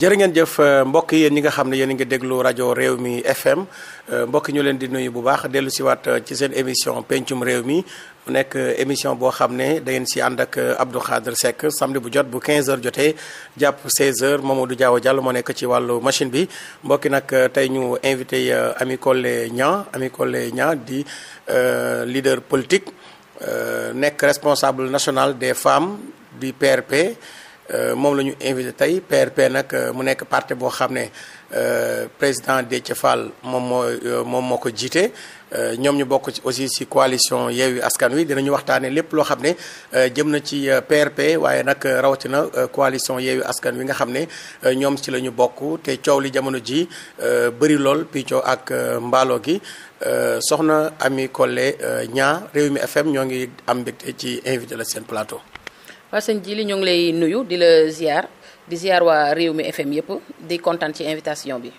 jërë ngeen jëf euh, mbokk yéen ñi nga xam ne yéen a ngi déglu rajo réew mi FM euh, mbokk ñu leen di nuyu bu baax dellu siwaat euh, ci seen émission pencum réew mi mu nekk émission boo xam ne da si ànd ak Abdou Khadre Seck samedi bu jot bu 15h jotee jàpp 16h du Diaw jàll moo nekk ci wàllu machine bi mbokki nag tey ñu invité Ami Collé Niang Ami Collé Niang di leader politique nekk responsable national des femmes du PRP Euh, moom la ñu invité tey PRP nag euh, mu nekk parti boo xam ne euh, président Déthié Fall moom moo moom moo ko jiite. ñoom ñu bokk ci aussi ci coalition Yewwi Askan Wi dinañu waxtaanee lépp loo xam ne jëm na ci PRP waaye nag rawatina coalition Yewwi Askan Wi nga xam ne ñoom ci la ñu bokk te coow li jamono ji bëri lool picco ak mbaalo gi soxna Ami Collé ñaa Rewmi FM ñoo ngi am mbégte ci invité la seen plateau. waa sëñ Jili ñu ngi lay nuyu di la ziar di ziar waa réew mi FM yëpp di kontaan ci invitation bi.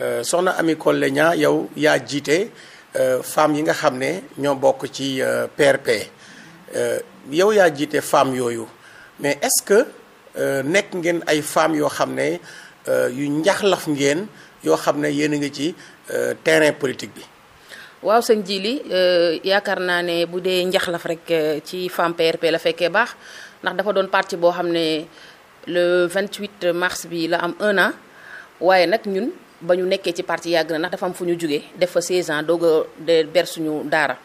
Euh, soxna Amy Collé Niang yow yaa jiite euh, femmes yi nga xam ne ñoo bokk ci PRP euh, yow yaa jiite femmes yooyu mais est-ce que nekk ngeen ay femmes yoo xam ne yu njaxlaf ngeen yoo xam ne yéen a ngi ci terrain politique bi. waaw sëñ Jili yaakaar naa ne bu dee njaxlaf rek ci femme PRP la fekkee baax ndax dafa doon parti boo xam ne le 28 mars bi la am un an waaye nag ñun ba ñu nekkee ci parti yàgg na ndax dafa am fu ñu jugee def fa 16 ans doog a de ber suñu daara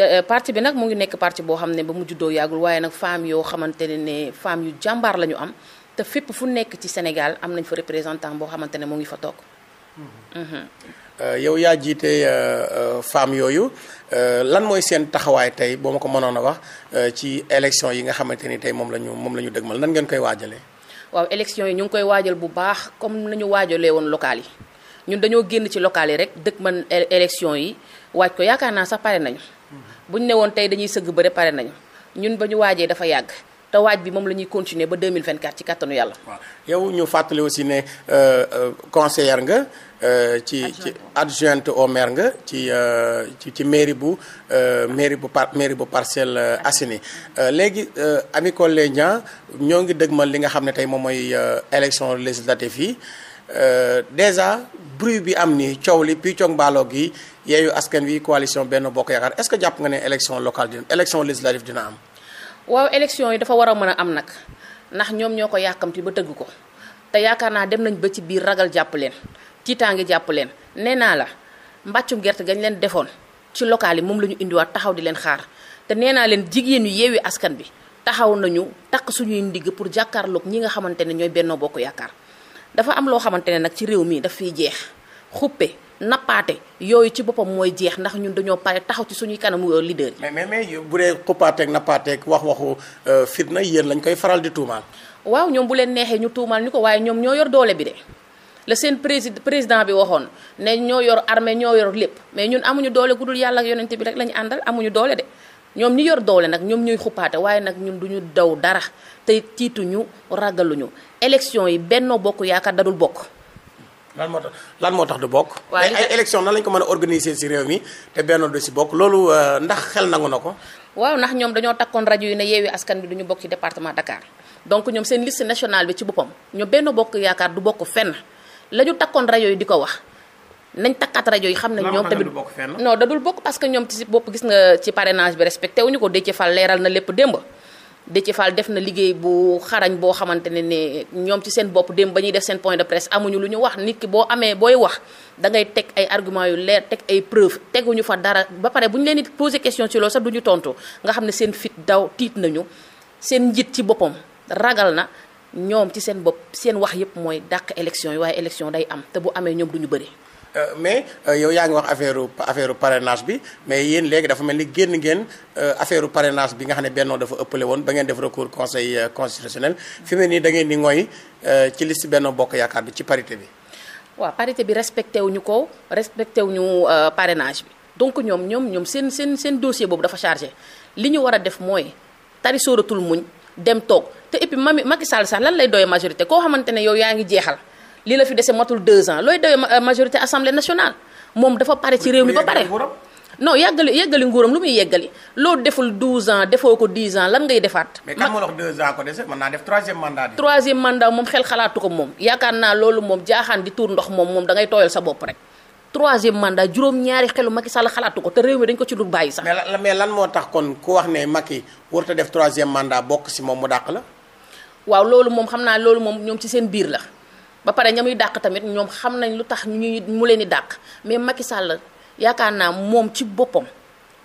euh, parti bi nag mu ngi nekk parti boo xam ne ba mu juddoo yàggul waaye nag femme yoo xamante ne ne femme yu jàmbaar la ñu am te fépp fu nekk ci Sénégal am nañ fa représentant boo xamante ne mu ngi fa toog. Mm-hmm. Mm-hmm. Euh, yow yaa jiite euh, euh, femmes yooyu lan mooy seen taxawaay tey boo ma ko mënoon a wax ci élection yi nga xamante ni tey moom la ñu moom la ñu dëgmal nan ngeen koy waajalee. waaw élection yi ñu ngi koy waajal bu baax comme nañu waajalee woon local yi ñun dañoo génn ci local yi rek dëgg man élection yi waaj ko yaakaar naa sax pare nañu. bu ñu ne woon tey dañuy sëgg bëre pare nañu ñun ba ñu waajee dafa yàgg. te waaj bi moom la ñuy continuer ba 2024 ci kattanu yàlla. waaw yow ñu fàttali aussi ne conseillère nga. Euh, ci ci adjointe au maire nga ci euh, ci ci mairie bu euh, mairie bu par mairie bu Parcelles Assainies léegi Ami Collé Ndiang ñoo ngi dëgmal li nga xam ne tey moom mooy élection législative yi déjà bruit bi am ni coow li puis coog mbaaloo gi yeeyu askan wi coalition benn bokk yaakaar est-ce que jàpp nga ne élection locale dina élection législative dina am waaw élection yi dafa war a mën a am nag ndax ñoom ñoo ko yàkkamti ba tëgg ko te yaakaar naa dem nañ ba ci biir ragal jàpp leen tiitaange jàpp leen nee naa la mbàccum gerte gañ leen defoon ci local yi moom la ñu indiwaat taxaw di leen xaar te nee naa leen jigéen yu yeewi askan bi taxaw nañu takk suñuy ndigg pour jàkkaarloog ñi nga xamante ne ñooy Benno Bokk Yaakaar dafa am loo xamante ne nag ci réew mi daf fiy jeex xuppe nappaate yooyu ci boppam mooy jeex ndax ñun dañoo pare taxaw ci suñuy kanam euh, leader yi. mais mais mais bu dee xuppaateeg nappaateeg wax waxu euh, fitna yéen lañ koy faral di tuumaal. ñoom bu leen neexee ñu tuumaal ñu ko waaye ñoom ñoo bi de. la seen président président bi waxoon ne ñoo yor armée ñoo yoru lépp mais ñun amuñu doole gudul yàlla ak yonente bi rek la ñu àndal amuñu doole de ñoom ñi yor doole nag ñoom ñuy xuppaate waaye nag ñun duñu daw dara te tiituñu ragaluñu élection yi Benno Bokk Yaakaar dadul bokk lan moo lan moo tax du bokk mais ay élection nan ko mën a organiser ci réew mi te Benno du ci bokk loolu euh, ndax xel nangu na ko waaw ndax ñoom dañoo takkoon rajo yi ne yeewi askan bi duñu bokk ci département Dakar donc ñoom seen liste national bi ci boppam ñoom Benno Bokk Yaakaar du bokk fenn lañu takkoon rajo yi di ko wax nañ takkaat rajo yi xam ne ñoom tamit non da dul bokk parce que ñoom ci bopp gis nga ci parrainage bi respecté ñu ko Déthié Fall leeral na lépp démb Déthié Fall def na liggéey bu xarañ boo xamante ne ne ñoom ci seen bopp démb ba ñuy def seen point de presse amuñu lu ñu wax nit ki boo amee booy wax da ngay teg ay argument yu leer teg ay preuve teguñu fa dara ba pare bu ñu leen di posé question ci loolu sax du ñu tontu nga xam ne seen fit daw tiit nañu seen njit ci boppam ragal na ñoom ci seen bopp seen wax yëpp mooy dàq élection yi waaye élection day am te bu amee ñoom du ñu bëri. Euh, mais euh, yow yaa ngi wax affaire affaire parrainage bi mais yéen léegi dafa mel ni génn ngeen euh, affaire parrainage bi nga xam ne bennoo dafa ëppale woon ba ngeen def recours conseil constitutionnel fi mu nii dangeen ngeen di ngooy ci liste Benno Bokk Yaakaar bi ci parité bi. waaw parité bi respecté wuñu ko respecté wuñu parrainage bi donc ñoom ñoom ñoom seen seen seen dossier boobu dafa chargé li ñu war a def mooy tari sóoratul dem toog. te et puis mami Macky lay doyee majorité koo xamante ne yow yaa ngi jeexal lii la fi dese matul deux ans looy doyee euh, majorité assemblée nationale moom dafa pare ci réew mi ba pare non lu muy yàggali loolu deful 12 ans defoo ko 10 ans lan ngay defaat. mais kan moo wax 2 ans ko dese mën naa def troisième mandat. troisième mandat moom xel xalaatu ko moom yaakaar naa loolu moom jaaxaan di tuur ndox moom moom da ngay tooyal sa bopp rek. troisième mandat juróom-ñaari xelu Macky Sall xalaatu ko te réew mi dañ ko ci dul bàyyi sax. mais lan mais lan moo tax kon ku wax ne Macky warut a def troisième mandat bokk si moom mu dàq la. waaw loolu moom xam naa loolu moom ñoom ci seen biir la ba pare ñamuy dàq tamit ñoom xam nañ lu tax ñu mu leen di dàq mais Macky sàll yaakaar naa moom ci boppam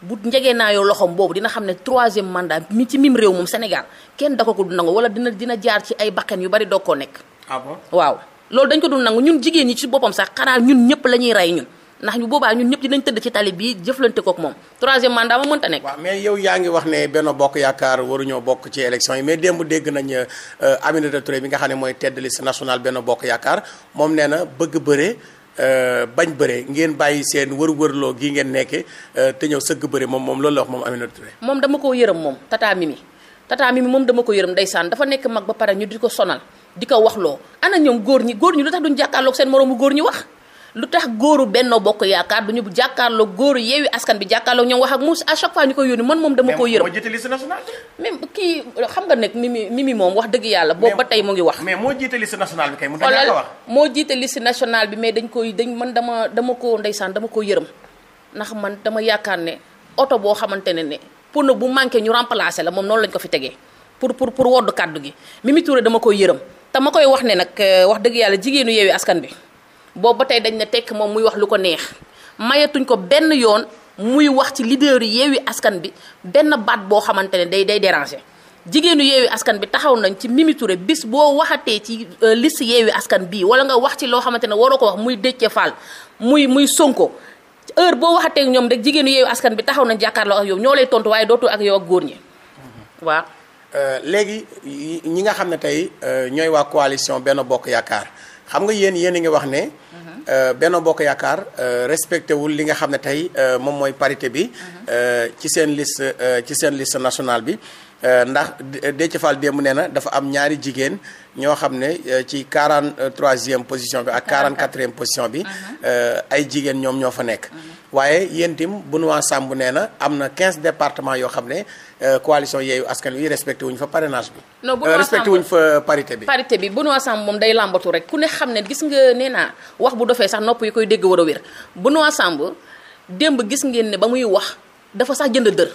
bu njegee naa yow loxoom boobu dina xam ne troisième mandat mi ci mim réew moom Sénégal kenn da ko du nangu wala dina dina jaar ci ay baqen yu bari doog koo nekk. Ah waaw loolu dañ ko dul nangu ñun jigéen ñi ci boppam sax xanaa ñun ñëpp la ñuy rey ñun. ndax ñu boobaa ñun ñëpp dinañ tëdd ci tali bi jëflante kook moom troisième mandat ma mënta nekk. waaw mais yow yaa ngi wax ne Benno Bokk Yaakaar waruñoo bokk ci élection yi mais démb dégg nañ euh, Aminata Touré bi nga xam ne mooy tête de liste nationale Benno Bokk Yaakaar moom nee na bëgg bëre euh, bañ bëre ngeen bàyyi seen wër-wërloo gi ngeen nekkee euh, te ñëw sëgg bëre moom moom loolu la wax moom Aminata Touré. moom dama ko yërëm moom tata Mimi tata Mimi moom dama ko yërëm ndeysaan dafa nekk mag ba pare ñu ko sonal di ko waxloo ana ñoom góor ñi góor ñi lu tax duñ jàkkaarloog seen moroomu góor ñi wax lu tax góoru Benno Bokk Yaakaar du ñu jàkkaarloo góoru Yewwi Askan bi jàkkaarloo ñoom wax ak Moussa à chaque fois ñu koy yónni man moom dama ko yërëm moo jiite liste nationale même kii xam nga nag Mimi Mimi moom wax dëgg yàlla boobu ba tey ngi wax mais moo jiite liste nationale bi kay mu moo jiite liste nationale bi mais dañ koy dañ man dama dama ko ndeysaan dama ko yërëm ndax man dama yaakaar ne oto boo xamante ne ne pono bu manqué ñu remplacé la moom noonu lañ ko fi tegee pour pour pour wodd kàddu gi Mimi Touré dama koy yërëm te ma koy wax ne nag euh, wax dëgg yàlla jigéenu Yewwi Askan bi boobu ba tey dañ na tekk moom muy wax lu ko neex mayatuñ ko benn yoon muy wax ci leader yi askan bi benn baat boo xamante ne day day déranger jigéenu yeewi askan bi taxaw nañ ci mimiture Touré bis boo waxatee ci euh, liste yeewi askan bi wala nga wax ci loo xamante ne waroo ko wax muy Déthié Fall muy muy Sonko heure boo waxatee ñoom rek jigéenu yeewi askan bi taxaw nañ jàkkaarloo ak yow ñoo lay tontu waaye dootu ak yow ak góor ñi mm-hmm. waaw. Euh, léegi ñi nga xam ne tey euh, ñooy waa coalition benn bokk yaakaar. xam nga yéen yéen a ngi wax ne. Uh-huh. Euh, Benno Bokk Yaakaar euh, respecté wul li nga xam ne tey euh, moom mooy parité bi. Uh-huh. ci seen liste ci seen liste nationale bi. ndax Déthié Fall démb nee na dafa am ñaari jigéen ñoo xam ne ci 43e position bi ak quarante e position bi uh-huh. ay jigéen ñoom ñoo fa nekk waaye yéen tim Benoît Sambou nee na am na quinze départements yoo xam ne Euh, coalition yeeyu askan wi respecté wuñ fa parrainage bi. non bu euh, respecté wuñ fa parité bi. parité bi bu nu ensemble moom day làmbatu rek ku ne xam ne gis nga nee naa wax bu dofee sax nopp yi koy dégg war a wér bu nu ensemble démb gis ngeen ne ba muy wax dafa sax jënd dër.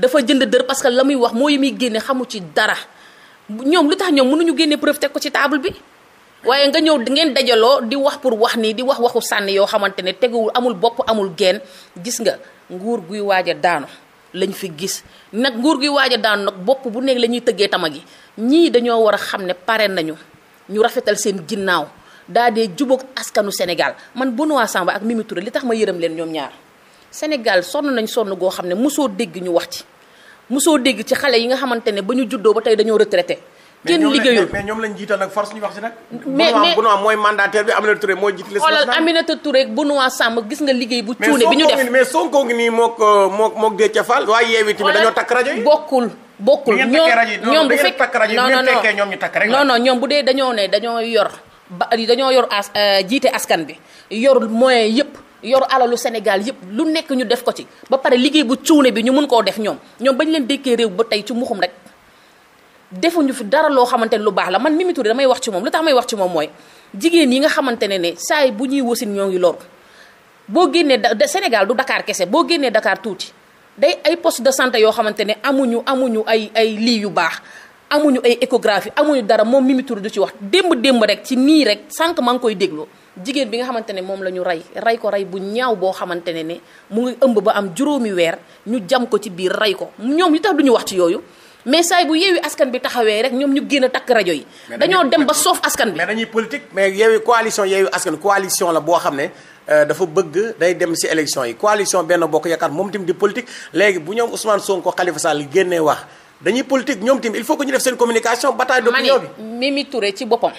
dafa jënd dër parce que la muy wax moo yi muy génne xamu ci dara ñoom lu tax ñoom munuñu génne preuve teg ko ci table bi. waaye nga ñëw ngeen dajaloo di wax pour wax nii di wax waxu sànni yoo xamante ne teguwul amul bopp amul genn gis nga nguur guy waaj a lañu fi gis nag nguur gi waaj a daan nag bopp bu nekk la ñuy tëggee tama gi ñii dañoo war a xam ne pare nañu ñu rafetal seen ginnaaw daa dee jubóog askanu Sénégal man Benoît Sambou ak Mimi Touré li tax ma yërëm leen ñoom ñaar Sénégal sonn nañ sonn goo xam ne mosoo dégg ñu wax ci mosoo dégg ci xale yi nga xamante ne ba ñu juddoo ba tey dañoo retraité kenn liggéeyul mais ñoom lañ jiital nag force ñu wax si nag. mais mais Benoît mooy mandataire bi Aminata Touré moo jiitale. xoolal Aminata Touré ak Benoît Samb gis nga liggéey bu. cuune bi ñu def mais Sonko ngi nii mook euh, mook mook Déthié Fall waaye Yewwi tamit dañoo takk rajo yi bokkul. bokkul ñoom ñoom bu fekk ñu takk rek non non ñoom bu dee dañoo ne dañoo yor ba dañoo yor as euh, jiite askan bi yor moyen yëpp yor alalu Sénégal yëpp lu nekk ñu def ko ci ba pare liggéey bu cuune bi ñu mun koo def ñoom ñoom bañ leen dekkee réew ba tey ci muxum rek defuñu fi dara loo xamante ne lu baax la man Mimi Touré damay wax ci moom lu tax may wax ci moom mooy jigéen yi nga xamante ne ne saa bu ñuy wasin ñoo ngi loru boo génnee da Sénégal du dakaar kese boo génnee dakaar tuuti day ay poste de santé yoo xamante ne amuñu amuñu ay ay lii yu baax amuñu ay échographie amuñu dara moom Mimi du ci wax démb démb rek ci nii rek sànq maa ngi koy déglu jigéen bi nga xamante ne moom la ñu rey rey ko rey bu ñaaw boo xamante ne ne mu ëmb ba am juróomi weer ñu jam ko ci biir rey ko ñoom li tax du ñu wax ci yooyu mais saay bu yeewi askan bi taxawee rek ñoom ñu génn takk rajo yi. dañoo dem ba soof askan bi. mais dañuy politique mais yeewi coalition yeewi askan coalition la boo xam ne. Euh, dafa bëgg day dem ci élection yi coalition benn bokk yaakaar moom tamit di politique léegi bu ñoom Ousmane Sonko Khalifa Sall génnee wax dañuy politique ñoom tamit il faut que ñu def seen communication bataille d'opinion bi. Mimi Touré ci boppam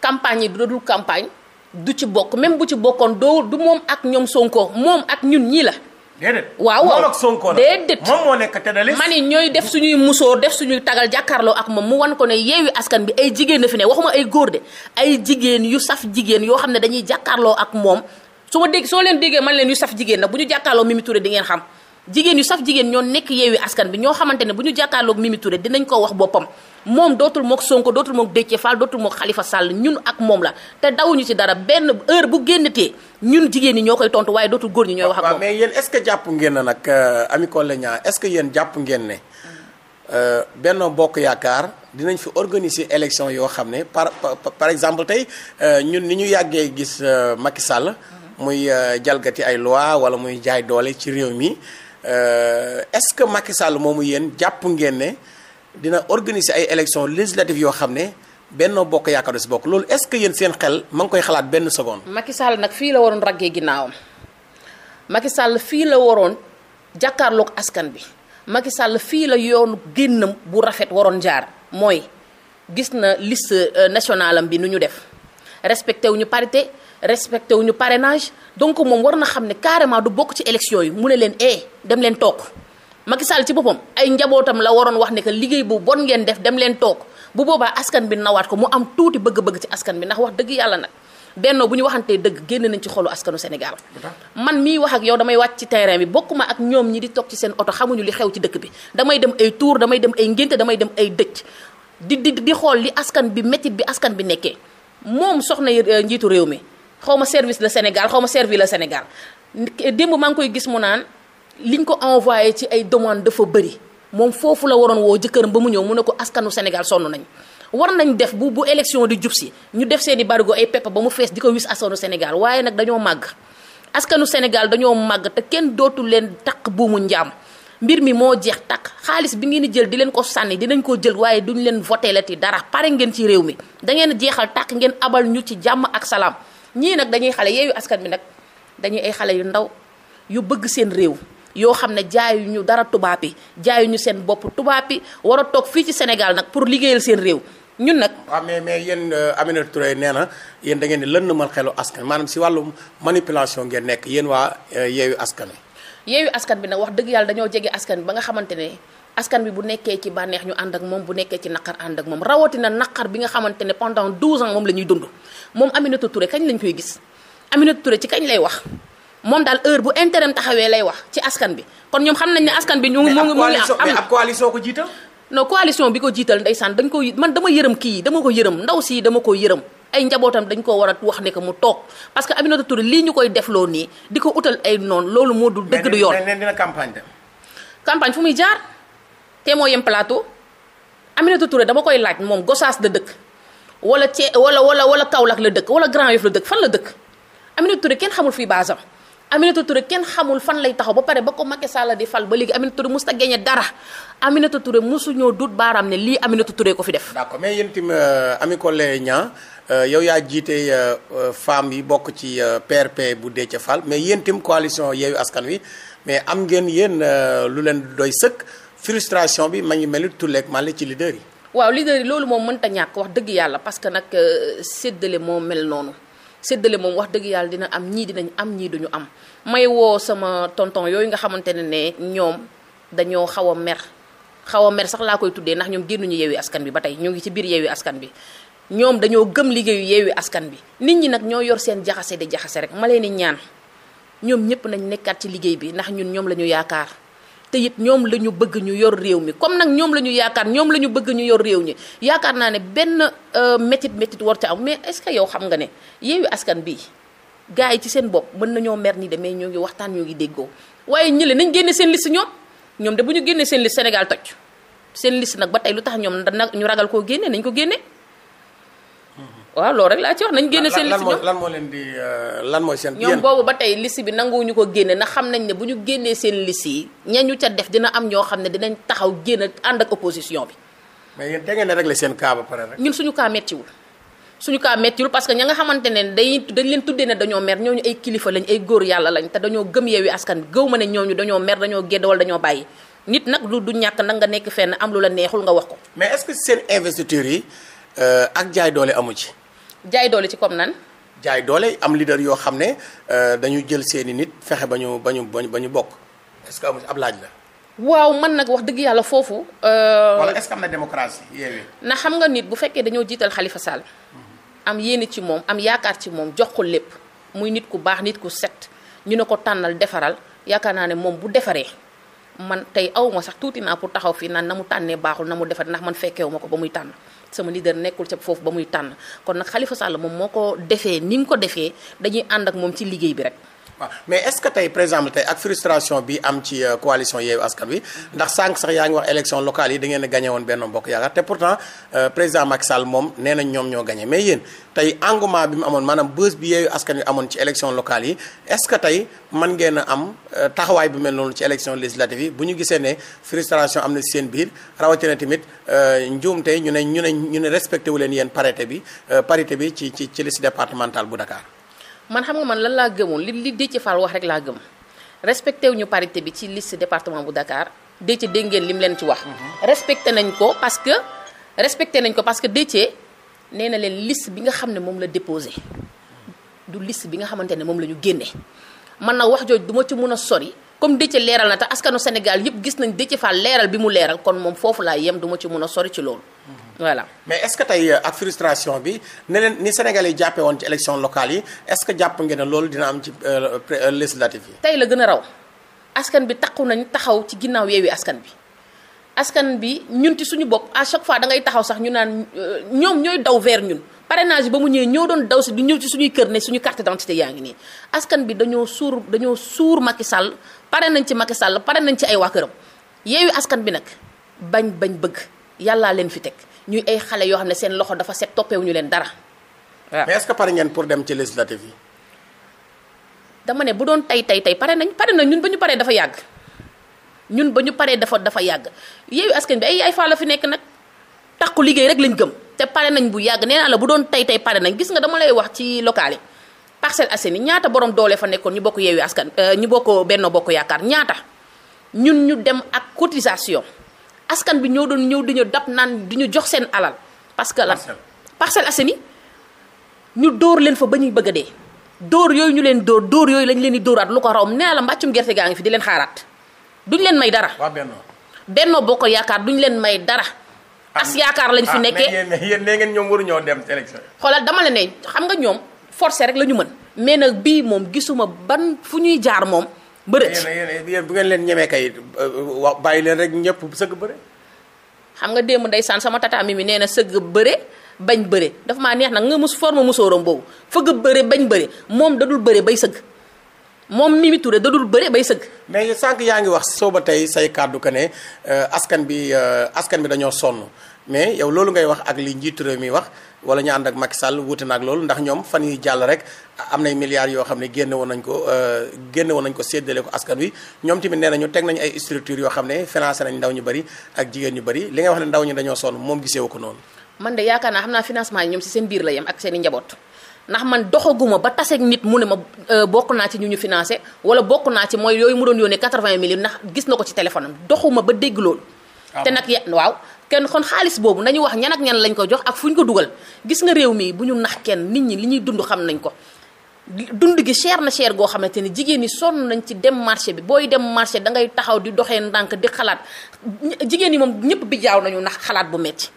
campagne yi du dul campagne du ci bokk même bu ci bokkoon doo du moom ak ñoom Sonko moom ak ñun ñii la. déedéet waaw waaw moom ak Sonko la déedéet moom moo nekk tête de ñooy def suñuy musóor def suñuy tagal jàkkaarloo ak moom mu wan ko ne yeewi askan bi ay jigéen la fi ne waxuma ay góor de ay jigéen yu saf jigéen yoo xam ne dañuy jàkkaarloo ak moom su ma dégg soo leen déggee man leen yu saf jigéen nag bu ñu jàkkaarloo Mimi Touré di xam jigéen yu saf jigéen ñoo nekk yeewi askan bi ñoo xamante ne bu ñu jàkkaarloog Mimi Touré dinañ ko wax boppam moom dootul mook sonk dootul mook Déthié Fall dootul mook Khalifa Sall ñun ak moom la te dawuñu ci dara benn heure bu génn génnatee ñun jigéen ñi ñoo koy tontu waaye dootul góor ñi ñooy wax ak moom mais yéen est-ce que jàpp ngeen ne nag euh, Ami Collé Niang est-ce que yéen jàpp ngeen ne euh, Benno Bokk Yaakaar dinañ fi organiser élection yoo xam ne par par exemple tey euh, ñun ni ñu yàggee gis Macky Sall mm-hmm. muy jalgati ay loi wala muy jaay doole ci réew mi Euh, est-ce que Macky Sall moomu yéen jàpp ngeen ne dina organiser ay élections législatives yoo xam ne Benno Bokk Yaakaar si bokk loolu est-ce que yéen seen xel ma koy xalaat benn seconde. Macky Sall nag fii la waroon raggee ginnaawam Macky Sall fii la waroon jàkkaarloog askan bi Macky Sall fii la yoonu génnam bu rafet waroon jaar mooy gis na list euh, nationale am bi nu ñu def respecté wu ñu parité. respecté wuñu parenage donc moom war na xam ne carrément du bokk ci élection yi mu ne leen eh dem leen toog Macky Sall ci boppam ay njabootam la waroon wax ne que liggéey bu bon ngeen def dem leen toog bu boobaa askan bi nawaat ko mu am tuuti bëgg-bëgg ci askan bi ndax wax dëgg yàlla nag bennoo bu ñu waxantee dëgg génn nañ ci xoolu askanu Sénégal man mii wax ak yow damay wat ci terrain bi bokkuma ak ñoom ñi di toog ci seen oto xamuñu li xew ci dëkk bi damay dem ay tour damay dem ay ngénte damay dem ay dëj di di di xool li askan bi métit bi askan bi nekkee moom soxna eh, njiitu réew mi xaw ma service la Sénégal xaw ma servi la Sénégal démb maa ngi koy gis mu naan liñ ko envoyé ci ay demande dafa bëri moom foofu la waroon woo jëkkër ba mu ñëw mu ne ko askanu Sénégal sonn nañ war nañ def bu bu élection di jub si ñu def seen i barigo ay pepp ba mu fees di ko wis askanu Sénégal waaye nag dañoo màgg askanu Sénégal dañoo màgg te kenn dootul leen taq buumu njàmm mbir mi moo jeex takk xaalis bi ngeen di jël di leen ko sànni dinañ ko jël waaye duñ leen voté yi dara pare ngeen ci réew mi da ngeen jeexal takk ngeen abal ñu ci jàmm ak salaam ñii nag dañuy xale yeeyu askan bi nag dañuy ay xale yu ndaw yu bëgg seen réew yoo xam ne jaay yu ñu dara tubaab yi ñu seen bopp tubaab bi war a toog fii ci Sénégal nag pour liggéeyal seen réew ñun nag. waaw mais mais yéen euh, Aminata Touré nee na yéen da ngeen di lëndëmal xelu askan maanaam si wàllum manipulation ngeen nekk yéen waa euh, yeeyu askan wi. yeeyu askan bi nag wax dëgg yàlla dañoo jege askan bi ba nga xamante ne. askan bi bu nekkee ci bànneex ñu ànd ak moom bu nekkee ci naqar ànd ak moom rawatina naqar bi nga xamante ne pendant 12 ans moom la ñuy dund moom Aminata Touré kañ lañ koy gis Aminata Touré ci kañ lay wax moom daal heure bu intérêt taxawee lay wax ci askan bi kon ñoom xam nañ ne askan bi. ñu ngi mu ngi mu ngi am mais ab coalition ko jiital. non coalition bi ko jiital saan dañ ko man dama yërëm kii dama ko yërëm ndaw si dama ko yërëm. ay njabootam dañ ko war a wax ne que mu toog parce que Aminata Touré lii ñu koy defloo nii di ko utal ay noonu loolu moo dul dëgg du yoon. mais dina campagne dem. campagne te moo yem plateau Aminata Touré dama koy laaj moom Gossas la dëkk wala Thiès wala wala wala Kaolack la dëkk wala Grand Yoff la dëkk fan la dëkk Aminata Touré kenn xamul fii baasam Aminata Touré kenn xamul fan lay taxaw ba pare ba ko Macky Sall di fal ba léegi Aminata Touré mosut a gagné dara Aminata Touré mosu ñoo dut baaraam ne lii Aminata Touré ko fi def. d'accord mais yéen itam euh, Ami Collé Niang euh, yow yaa jiite euh, femmes yi bokk ci PRP bu dee ca fal mais yéen itam coalition Yewwi Askan Wi mais am ngeen yéen lu leen doy sëkk. frustration bi ma ngi mel ni tulleeg màlle ci leader yi. waaw leader yi loolu moom mënta ñàkk wax dëgg yàlla parce que nag euh, séddale moo mel noonu séddale moom wax dëgg yàlla dina am ñii dinañ am ñii du ñu am may woo sama tonton yooyu nga xamante ne ne ñoom dañoo xaw a mer xaw a mer sax laa koy tuddee ndax ñoom génnuñu yeewi askan bi ba tey ñu ngi ci biir yeewi askan bi ñoom dañoo gëm liggéeyu yeewi askan bi nit ñi nag ñoo yor seen jaxase di jaxase rek ma leen di ñaan ñoom ñëpp nañ nekkaat ci liggéey bi ndax ñun ñoom la ñu yaakaar te it ñoom la ñu bëgg ñu yor réew mi comme nag ñoom la ñu yaakaar ñoom la ñu bëgg ñu yor réew mi yaakaar naa ne benn euh, métit métit war ca am mais est-ce que yow xam nga ne yeewu askan bii gars yi ci seen bopp mën nañoo mer de mais ñoo ngi waxtaan ñoo ngi déggoo waaye ñële nañ génne seen liste ñoom ñoom de bu ñu génnee seen liste Sénégal toj seen liste nag ba tey lu tax ñoom ñu ragal koo génne nañ ko génne waaw loolu rek laa ci wax nañ génne seen liste ñoom lan moo leen di euh, lan mooy seen ñoom boobu ba tey liste bi ñu ko génne na xam nañ ne bu ñu génnee seen liste yi ñu ca def dina am ñoo xam ne dinañ taxaw génn ànd ak opposition bi mais yéen da ngeen a seen cas ba rek ñun suñu kaa méttiwul suñu cas méttiwul parce que ña nga xamante ne day dañ leen tuddee ne dañoo mer ñooñu ay kilifa lañ ay góor yàlla lañ te dañoo gëm yeewi askan gëw ma ne ñooñu dañoo mer dañoo gédd wala dañoo bàyyi nit nag lu du ñàkk nag nga nekk fenn am lu la neexul nga ko mais est que seen investiture yi euh, ak jaay doole amu ci jaay doole ci comme nan. jaay doole am leader yoo xam ne euh, dañu jël seeni nit fexe ba ñu bañu ñu ba ñu bokk est que amul ab laaj la. waaw man nag wax dëgg yàlla foofu. Euh, wala est-ce que am na xam nga nit bu fekkee dañoo jiital xalifa Sall. am yéene ci moom am yaakaar ci moom jox ko lépp muy nit ku baax nit ku set ñu ne ko tànnal defaral yaakaar naa ne moom bu defaree. man tey awma sax tuuti naa pour taxaw fii naan na mu tànnee baaxul na mu defar ndax man fekkewu ma ko ba muy tànn sama leader nekkul ca foofu ba muy tànn kon nag xalifa sàll moom moo ko defee ni mu ko defee dañuy ànd ak moom ci liggéey bi rek waaw mais est-ce que tey par exemple tey ak frustration bi am ci euh, coalition Yewwi Askan bi ndax sànq sax yaa ngi wax élection locale yi da ngeen a gagné woon Benno Bokk Yaakaar te pourtant euh, président Macky moom nee nañ ñoom ñoo gagné mais yéen tey engouement bi mu amoon maanaam bës bi Yewwi Askan Wi amoon ci élection locale yi est-ce tey man ngeen am euh, taxawaay bi mel noonu ci élection législative yi bu ñu gisee ne frustration am na seen biir rawatina tamit njuum tey ñu ne ñu ne ñu ne respecté wu leen yéen parité bi parité bi ci ci ci liste départementale bu Dakar. man xam nga man lan laa gëmoon li li Déthié Fall wax rek laa gëm respecté wu parité bi ci list département bu Dakar Déthié dégg ngeen mu leen ci wax. Mhm. respecté nañ ko parce que respecté nañ ko parce que Déthié nee na leen liste bi nga xam ne moom la déposé du liste bi nga xamante ne moom la ñu génne man nag wax jooju du ma ci mun a sori. comme Déthié leeral na te askanu Sénégal yëpp gis nañ Déthié Fall leeral bi mu leeral kon moom foofu laa yem du ma ci mun a sori ci loolu voilà mais est-ce tey euh, ak frustration bi ne leen ni Sénégalais yi jàppee woon ci élection locale yi est-ce que jàpp ngeen ne loolu dina am ci euh, euh, législative yi tey la gën a raw askan bi taqu nañ taxaw ci ginnaaw yeewi askan bi askan bi ñun ci suñu bopp à chaque fois da ngay taxaw sax ñu naan ñoom ñooy daw vers ñun parrainage ba mu ñëwee ñoo doon daw si di ñëw ci suñuy kër ne suñu carte d'identité yaa ngi nii askan bi dañoo suur dañoo suur Macky sàll pare nañ ci Macky sàll pare nañ ci ay waa këram yeewu askan bi nag bañ bañ bëgg yàllaa leen fi teg ñuy ay xale yoo xam ne seen loxo dafa set toppeewuñu leen dara waaw ah. mais est pour dem ci législative yi. dama ne bu doon tey tey tey pare nañ pare nañ ñun ba ñu paree dafa yàgg ñun ba paree dafa dafa yàgg yeewu askan bi ay ay fa la fi nekk nag takku liggéey rek lañ gëm. te pare nañ bu yàgg nee naa la bu doon tey tey pare nañ gis nga dama lay wax ci local yi Parcelles Assainies ñaata borom doole fa nekkoon ñu bokk Yewwi Askan euh, ñu bokk Benno Bokk Yaakaar ñaata ñun ñu dem ak cotisation askan bi ñoo doon ñëw di ñu dab naan ñu jox seen alal parce que lan Parcelles Assainies ñu dóor leen fa ba ñuy bëgg a dee yooyu ñu leen dóor dóor yooyu lañ leen di dóoraat lu ko raw nee la mbàccum gerte gaa ngi fi di leen xaaraat duñ leen may dara. waaw Benno Bokk Yaakaar duñ leen may dara. as yaakaar lañ fi ah, nekkee yéen ne ngeen ñoom waruñoo dem élection xoolal dama la ne xam nga ñoom forcé rek la ñu mën mais nag bii moom gisuma ban fu ñuy jaar moom bërët bu ngeen leen ñemee kay euh, bàyyi leen rek ñëpp sëgg bëre xam nga démb ndey ndeysaan sama tataami mi nee na sëgg bëre bañ bëre dafa maa neex nag nga mus forme musóoram boobu fëgg bëre bañ bëre moom dadul bëre bay sëgg moom Mimi Touré da dul bëre bay sëgg. mais sànq yaa ngi wax soo ba tey say kàddu que ne euh, askan bi euh, askan bi dañoo sonn mais yow loolu ngay wax ak li njiitu réew mi wax wala ñu ànd ak Macky Sall wuute na ak loolu ndax ñoom fan yu jàll rek am nay milliards yoo xam ne génn woon nañ ko euh, génne woon nañ ko séddale ko askan wi ñoom tamit nee nañu teg nañu ay structures yoo xam ne financé nañ ndaw ñu bëri ak jigéen ñu bëri li nga wax ne ndaw ñi dañoo sonn moom gisewu ko noonu. man de yaakaar naa xam naa seen biir la yem ak seen i ndax man doxaguma ba taseeg nit mu ne ma euh, bokk naa ci ñu ñu financé wala bokk naa ci mooy yooyu mu doon yónnee 80 millions ndax gis na ko ci téléphone am doxuma ba dégg loolu ah te nag ya waaw kenn kon xaalis boobu nañu wax ñan ak ñan lañ ko jox ak fu ñu ko dugal gis nga réew mi bu ñu nax kenn nit ñi li ñuy dund xam nañ ko dund gi cher na cher goo xamante ni jigéen ñi sonn nañ ci dem marché bi booy dem marché da ngay taxaw di doxee ndànk di xalaat jigéen ñi moom ñëpp bi jaaw nañu ndax xalaat bu metti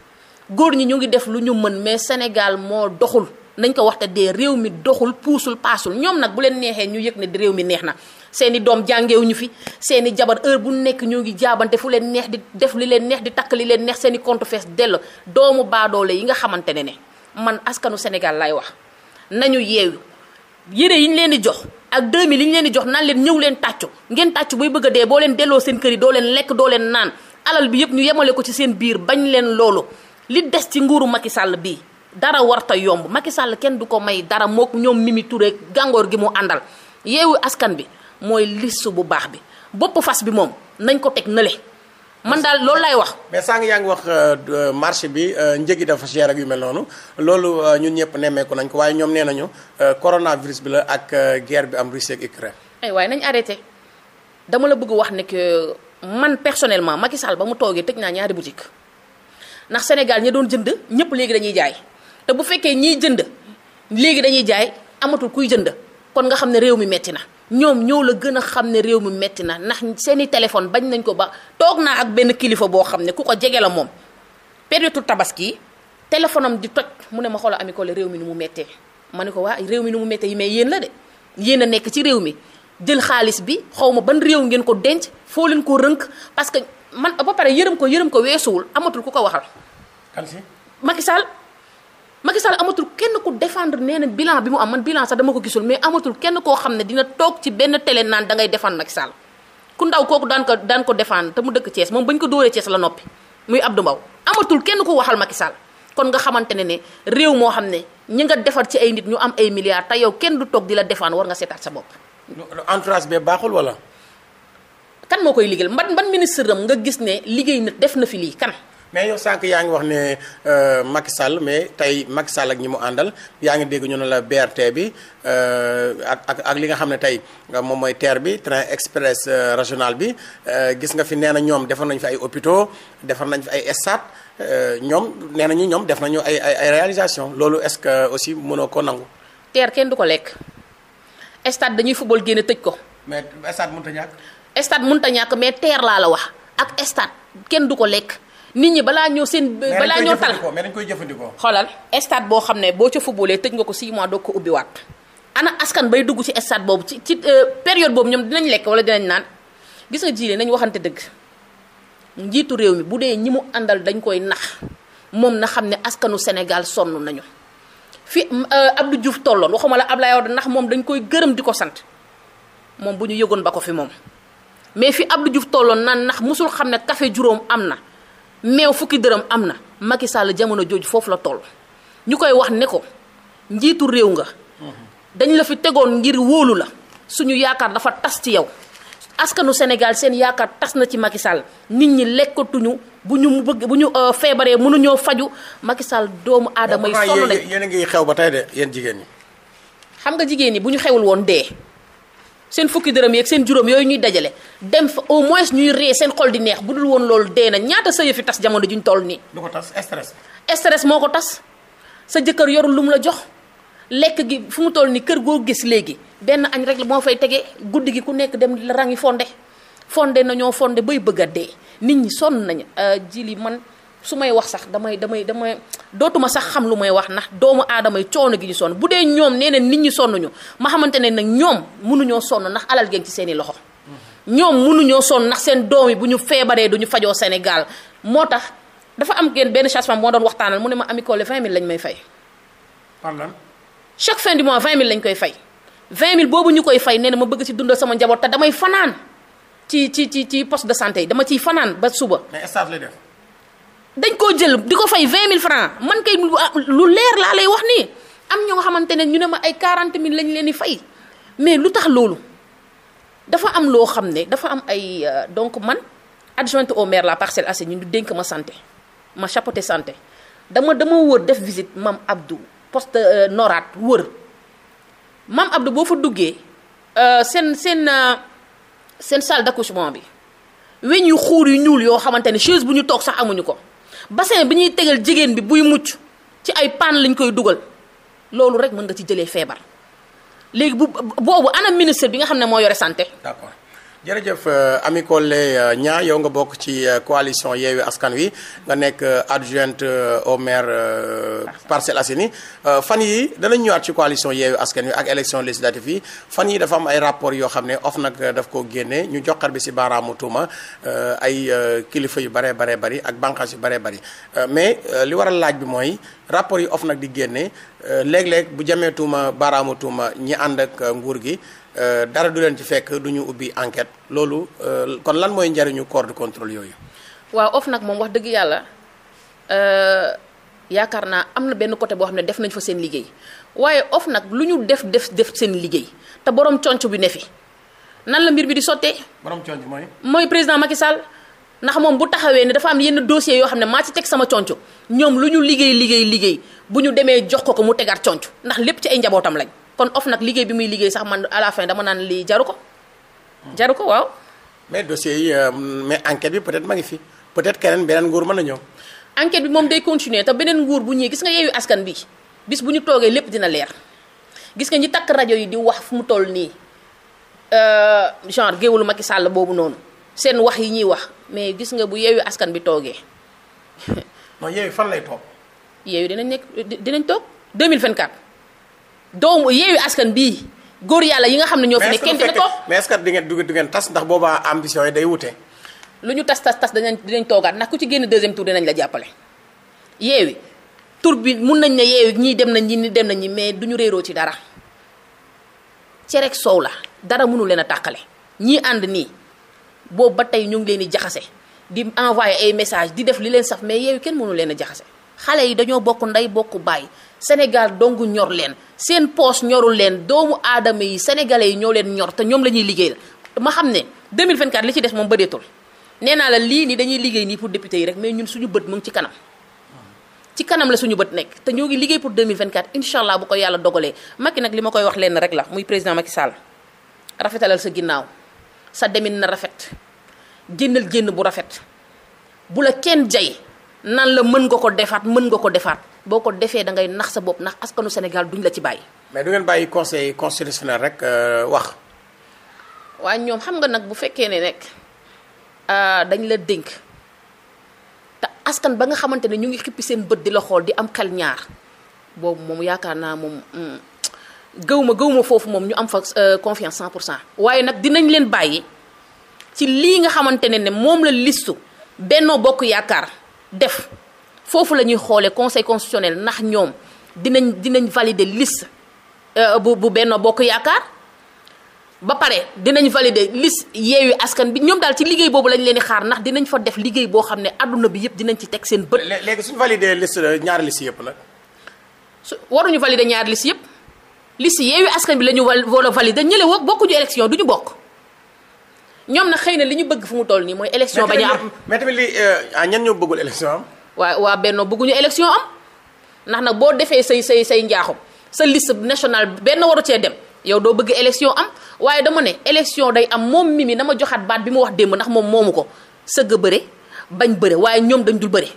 góor ñi ñu ngi def lu ñu mën mais Sénégal moo doxul nañ ko wax te dee réew mi doxul puusul paasul ñoom nag bu leen neexee ñu yëg ne di réew mi neex na seeni doom ñu fi seeni jabar heure bu nekk ñoo ngi jaabante fu leen neex di def li leen neex di takk li leen neex seeni compte fees dell doomu baadoole yi nga xamante ne ne man askanu Sénégal lay wax nañu yeewu yére yi ñu leen di jox ak 2000 li ñu leen di jox naan leen ñëw leen tàccu ngeen tàccu bay bëgg dee boo leen delloo seen kër yi doo leen lekk doo leen naan alal yëpp ñu yemale ko ci seen biir bañ leen loolu li des ci nguuru Macky Sall bii dara warta yomb Macky Sall kenn du ko may dara mook ñoom Mimi Touré gàngoor gi mu àndal yeewu askan bi mooy list bu baax bi bopp fas bi moom nañ ko teg nale man daal loolu laay wax. mais sànq yaa ngi wax euh, marché bi euh, njëg yi dafa cher ak yu mel noonu loolu euh, ñun ñëpp nemmeeku nañ ko waaye ñoom nee nañu coronavirus bi la ak guerre bi am Russie ak Ukraine. waaye nañ arrêté dama la bëgg wax ne que man personnellement Macky Sall ba mu toogee tëj naa ñaari boutique ndax Sénégal ñi doon jënd ñëpp léegi dañuy jaay. te bu fekkee ñiy jënd léegi dañuy jaay amatul kuy jënd kon nga xam ne réew mi metti na ñoom ñoo la gën a xam ne réew mi metti na ndax seeni téléphone bañ nañ ko ba toog naa ak benn kilifa boo xam ne ku ko jege la moom période tabaski téléphone am di toj mu ne ma xoola Ami Collé réew mi nu mu méttee ma ne ko waa réew mi nu mu méttee yi mais yéen la de yéen a nekk ci réew mi jël xaalis bi xaw ma ban réew ngeen ko denc foo leen ko rënk parce que man ba pare yërëm ko yërëm ko weesuwul amatul ku ko waxal. Macky Sall amatul kenn ku défendre nee na bilan bi mu am man bilan sax dama ko gisul mais amatul kenn koo xam ne dina toog ci benn télé naan da ngay défendre Macky ku ndaw kooku daan ko daan ko défendre te mu dëkk Thiès moom bañ ko dóoree Thiès la noppi muy Abdou Mbow amatul kenn ku waxal Macky Sall kon nga xamante ne ne réew moo xam ne ñi nga defar ci ay nit ñu am ay milliards te yow kenn du toog di la défendre war nga seetaat sa bopp. entourage bi baaxul wala. kan moo koy liggéeyal ban ban ministre am nga gis ne liggéey na def na fi lii kan. mais yow sànq yaa ngi wax ne euh, Macky Sall mais tey Macky Sall ak ñi mu àndal yaa ngi dégg ñu ne la BRT bi euh, ak ak ak li nga xam ne tey euh, moom mooy TER bi train express régional bi gis nga fi nee na ñoom defar nañ fi ay hôpitaux defar nañ fi ay stade ñoom nee nañu ñoom def nañu ay ay ay réalisation loolu est-ce que aussi mënoo ko nangu. TER kenn du ko lekk stade dañuy football génne tëj ko. mais stade mënut a ñàkk. stade mënut a ñàkk mais teer laa la wax ak stade kenn du ko lekk. nit ñi balaa ñëw seen. balaa ñoo tal mais dañ koy jëfandikoo xoolal boo xam ne boo ca footballee tëj nga ko 6 mois doog ko ubbiwaat ana askan bay dugg ci estade boobu ci ci euh, période boobu ñoom dinañ lekk wala dinañ naan gis nga jiile nañ waxante dëgg njiitu réew mi bu dee ñi mu àndal dañ koy nax moom na xam ne askanu Sénégal sonn nañu. fi euh, Abdou Diouf tolloon waxuma la Ablaye Wade ndax moom dañ koy gërëm di ko sant moom bu ñu yëgoon ba ko fi moom mais fi Abdou juuf tolloon nan ndax musul xam ne café juróom am na. meew fukki dërëm am na Macky Sall jamono jooju foofu la tool ñu koy wax ne ko njiitu réew nga mhm. dañ la fi tegoon ngir wóolu la suñu yaakaar dafa tas ci yow askanu Sénégal seen yaakaar tas na ci Macky Sall nit ñi lekkatuñu bu ñu bëgg bu ñu euh, feebaree mënuñoo faju Macky Sall doomu aadama yi. sonn nañ yéen xew ba tey de yéen jigéen ñi. xam nga jigéen ñi bu ñu xewul woon dee. seen fukki dërëm yeeg seen juróom yooyu ñuy dajale dem fa au moins ñuy ree seen xol di neex bu dul woon loolu dee na ñaata sa yëfi tas jamono juñ toll nii. lu ko tas stress. stress moo ko tas sa jëkkër yorul lu mu la jox lekk gi fu mu toll nii kër goo gis léegi benn añ rek moo fay tegee guddi gi ku nekk dem la rangi fonde fonde na ñoo fonde bay bëgg a dee nit ñi sonn nañu euh, ji li man. su may wax sax damay damay damay dootuma sax xam lu may wax ndax doomu aadama yi coono gi ñu sonn bu dee ñoom nee nit ñi sonnuñu ma xamante ne nag ñoom mënuñoo sonn ndax alal geeg ci seen i loxo. ñoom mënuñoo sonn ndax seen doom yi bu ñu feebaree du ñu fajoo Sénégal moo tax dafa am geen benn chasse femme moo doon waxtaanal mu ne ma Ami Collé 20000 lañ may fay. pardon. chaque fin du mois 20000 lañ koy fay 20000 boobu ñu koy fay nee na ma bëgg si dundal sama njaboot te damay fanaan ci ci ci ci poste de santé yi dama ciy fanaan ba suba. mais dañ koo jël di ko fay vingt mille francs man kay lu ah, leer laa lay wax nii am ñoo nga xamante ne ñu ne ma ay quarante mille lañu leen di fay mais lu tax loolu dafa am loo xam ne dafa am ay euh, donc man adjointe au maire la Parcelles Assainies ñu dénk ma santé ma chapeauté santé dama dama wër def visite mam Abdou poste euh, noraat wër mam Abdou boo fa duggee euh, seen seen seen salle d'accouchement bi weñ yu xuur yu ñuul yoo xamante ne chaise bu ñu toog sax amuñu ko. bassin bi ñuy tegal jigéen bi buy mucc ci ay paan lañ koy dugal loolu rek mën nga ci jëlee feebar léegi bu boobu ana ministre bi nga xam ne moo yore santé jërëjëf euh, Ami Collé euh, Nia yow nga bokk ci euh, coalition Yewwi Askan Wi nga nekk adjointe au maire Parcelles Assainies fan yi danañ waat ci coalition Yewwi Askan Wi ak élection législative yi fan yi dafa am ay rapport yoo xam ne nag daf koo génne ñu joxar bi si baaraamu tuuma ay kilifa yu baree baree bari ak bànqaas yu baree bari mais li war a laaj bi mooy rapport yi nag di génne léeg-léeg bu jamee tuuma baaraamu tuuma ñi ànd ak nguur gi Euh, dara du leen ci fekk du ñu ubbi enquête loolu euh, kon lan mooy njariñu corps de yooyu. waaw of nag moom wax dëgg yàlla euh, yaakaar naa am na benn côté boo xam ne def nañu fa seen liggéey waaye of nag lu ñu def def def seen liggéey te borom conc bi ne fi nan la mbir bi di sottee. borom conc mooy. mooy président Macky Sall ndax moom bu taxawee ne dafa am yenn dossiers yoo xam ne maa ci teg sama conc ñoom lu ñu liggéey liggéey liggéey bu ñu demee jox ko ko mu tegaat conc ndax lépp ci ay njabootam lañ. kon of nag liggéey bi muy liggéey sax man à dama naan lii jaru ko. jaru ko waaw. mais dossier yi euh, mais enquête bi peut ma ngi fi peut-être keneen beneen nguur mën na ñëw. enquête bi moom day continuer te beneen nguur bu ñëwee gis nga yeewu askan bi bis bu ñu toogee lépp dina leer gis nga ñi takk rajo yi di wax fu mu toll nii euh, genre géwélu Macky sàll boobu noonu seen wax yi ñuy wax mais gis nga bu yeewu askan bi toogee. non yeewu fan lay toog. yeewu dinañ nekk dinañ toog 2024. doomu yeewi askan bii góor yàlla yi nga xam ne ñoo fi ne kenn dina toog mais est-ce que di ngeen du ngeen tas ndax boobaa ambition yi day wute lu ñu tas tas tas danañ dinañ toogaat ndax ku ci génn deuxième tour dinañ la jàppale yeewi tour bi mun nañ ne yeewi ñii dem nañ ñi ni dem nañ ñi mais duñu réeroo ci dara cerek soow la dara mënu leen a tàqale ñii ànd nii boobu ba tey ñu ngi leen di jaxase di envoyé ay message di def li leen saf mais yeewi kenn mënu leen a jaxase xale yi dañoo bokk ndey bokk bàyyi Sénégal dong ñor leen seen poche ñorul leen doomu aadama yi sénégalais yi ñoo leen ñor te ñoom la ñuy liggéeyal ma xam ne 2024 li ci des moom deetul nee naa la lii nii dañuy liggéey nii pour député yi rek mais ñun suñu bët mu ngi ci kanam ci kanam la suñu bët nekk te ñoo ngi liggéey pour 2024 incha allah bu ko yàlla dogalee Macky nag li ma koy wax leen rek la muy président Macky Sall rafetalal sa ginnaaw sa demin na rafet génnal génn bu rafet bu kenn jay nan la mën nga ko defaat mën nga ko defaat. boo ko defee da ngay nax sa bopp ndax askanu Sénégal duñ la ci bàyyi. mais du ngeen bàyyi conseil constitutionnel rek euh, wax. waaye ñoom xam nga nag bu fekkee ne rek euh, dañ la dénk te askan ba nga xamante ne ñu ngi xippi seen bët di la xool di am xel ñaar boobu moom yaakaar naa moom mm, gëw ma gëw ma foofu moom ñu am fa euh, confiance 100 pour cent waaye nag dinañ leen bàyyi ci lii nga xamante ne ne moom la listu Benno Bokk Yaakaar def foofu la ñuy xoolee conseil constitutionnel ndax ñoom dinañ dinañ valider liste euh, bu bu Benno Bokk Yaakaar ba pare dinañ valider liste Yewwi Askan bi ñoom daal ci liggéey boobu lañ leen di xaar ndax dinañ fa def liggéey boo xam ne adduna bi yëpp dinañ ci teg seen bët. léegi suñ valider liste ñaari liste yëpp la. su waruñu valider ñaari liste yëpp liste Yewwi Askan bi la ñu woo a valider ñële woo bokkuñu élection du ñu bokk. ñoom na xëy na li ñu bëgg fu mu toll nii mooy élection bañ a am mais tamit li euh, ñan ñoo am. waa waa Benno bëgguñu élection am ndax nag boo defee say say say njaaxum sa liste national benn waru cee dem yow doo bëgg élection am waaye dama ne élection day am moom Mimi na ma joxaat baat bi mu wax démb ndax moom moomu ko sëgg bëre bañ bëre waaye ñoom dañ dul bëre.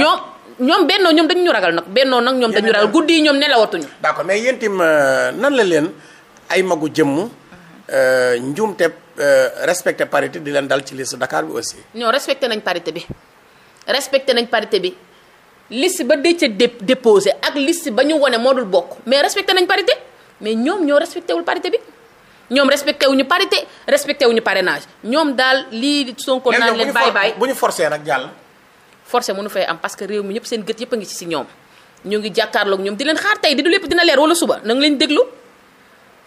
ñoom ñoom Benno ñoom dañu ñu ragal nag Benno nag ñoom dañu ñu ragal guddi yi ñoom nelawatuñu. d'accord mais yéen itam euh, nan la leen ay magu jëmm mhm. euh, njuumte euh, respecté parité di leen dal ci liste Dakar bi aussi. ñoo respecté nañ parité bi. respecté nañ parité bi liste ba Déthié déposé ak liste ba ñu wone moo dul bokk mais respecté nañ parité mais ñoom ñoo respecté wul parité bi ñoom respecté wuñu parité respecté wuñu parrainage ñoom daal lii Sonko naan leen bàyyi bàyyi bu ñu forcé nag jàll forcé mënu fay am parce que réew mi ñëpp seen gët yëpp a ngi ci si ñoom ñu ngi jàkkaarloog ñoom di leen xaar tey di du lépp dina leer wala suba na nga leen déglu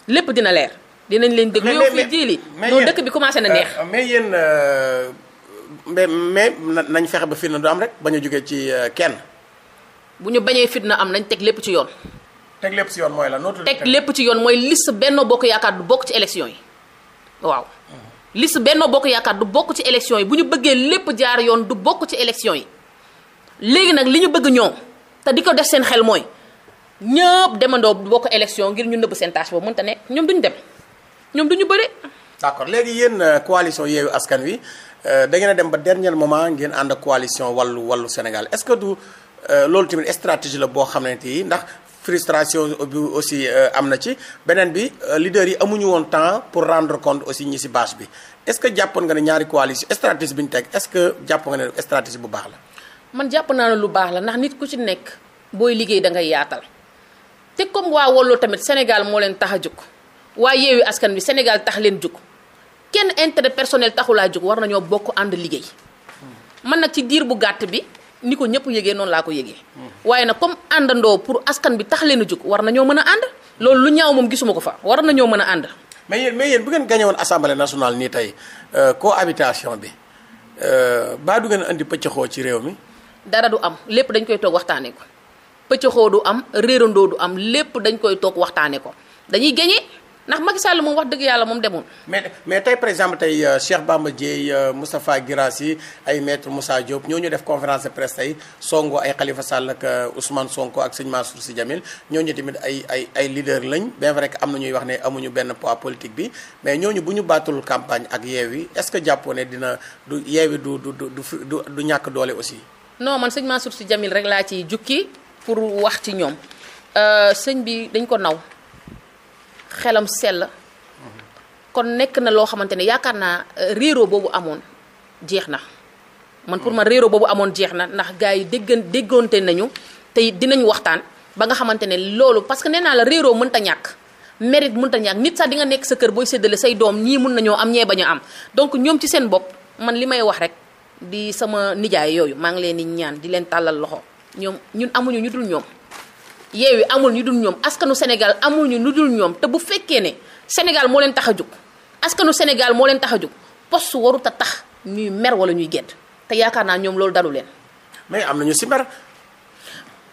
lépp dina leer dinañ leen déglu yow fii jiili noonu dëkk bi commencé na euh, neex mais yéen euh, mais mais nañ fexe ba fitna du am rek bañ a jógee ci euh, kenn. bu ñu bañee fitna am nañ teg lépp ci yoon. teg lépp ci yoon mooy la noo tudd lépp ci yoon mooy liste Benno Bokk Yaakaar du bokk ci élection yi waaw. liste Benno Bokk Yaakaar du bokk ci élection yi bu ñu bëggee lépp jaar yoon du bokk ci élection yi léegi nag li ñu bëgg ñoom te di ko def seen xel mooy ñëpp demandoo bokk élection ngir ñu nëbb seen tâche boobu mënta ne ñoom duñu dem ñoom duñu bëre. d' accord léegi yéen euh, coalition yeewu askan wi euh, da dem ba dernier moment ngeen ànd ak coalition wàllu wàllu Sénégal est ce que du euh, loolu tamit stratégie la boo xam ne tii ndax frustration bi aussi am na ci beneen bi leader yi amuñu woon temps pour rendre compte aussi ñi si bâche bi est ce que jàppoon nga ne ñaari coalition stratégie bi ñu teg est ce que jàpp nga ne stratégie bu baax la. man jàpp naa ne lu baax la ndax nit ku ci nekk booy liggéey da ngay yaatal te comme waa Wallu tamit Sénégal moo leen tax a jóg waa Yewwi Askan Wi Sénégal tax leen jóg. kenn intérêt personnel taxulaa jóg war nañoo bokk ànd liggéey man nag ci diir bu gàtt bi ni ko ñëpp yëgee noonu laa ko yëgee waaye nag comme àndandoo pour askan bi tax leen a jóg war nañoo mën a ànd loolu lu ñaaw moom gisuma ko fa war nañoo mën a ànd mais yéen mais yéen bu ngeen gagné woon assemblée nationale nii tey euh, cohabitation bi euh, baa du ngeen andi pëccëxoo ci réew mi dara du am lépp dañ koy toog waxtaanee ko pëccëxoo du am réerandoo du am lépp dañ koy toog waxtaanee ko ndax Macky Sall moom wax dëgg yàlla moom demul. mais mais tey par exemple tey euh, Cheikh Bamba Dièye euh, Moustapha Guirassy ay maître mussa Diop ñoo ñu def conférence de presse tey songo ay Khalifa Sall ak euh, Ousmane Sonko ak sëñ Mansour Sy Djamil ñooñu tamit ay ay ay leader lañ bien vrai am na ñuy wax ne amuñu benn poids politique bi mais ñooñu bu ñu baatul campagne ak Yewwi est-ce que jàppoo dina du Yewwi du du du du du ñàkk doole aussi. non man sëñ Mansour Sy Djamil rek laa ciy jukki pour wax ci ñoom sëñ bi dañ ko naw. xelam sell kon nekk na loo xamante ne yaakaar naa euh, réeroo boobu amoon jeex na man pour man réeroo boobu amoon jeex na ndax gars yi déggan déggoonte nañu te dinañu waxtaan ba nga xamante ne loolu parce que nee naa la réeroo mënta ñàkk mérite mënta ñàkk nit sax di nga nekk sa kër booy séddale say doom ñii mun nañoo am ñee bañ a am donc ñoom ci seen bopp man li may wax rek di sama nijaay yooyu maa ngi leen di ñaan di leen tàllal loxo ñoom ñun amuñu ñu dul ñoom yeewi amul ñu dul ñoom askanu Sénégal amul ñu lu dul ñoom te bu fekkee ne Sénégal moo leen tax a jóg askanu Sénégal moo leen tax a jóg poste warut a tax ñuy mer wala ñuy gedd te yaakaar naa ñoom loolu dalu leen. mais am nañu si mer.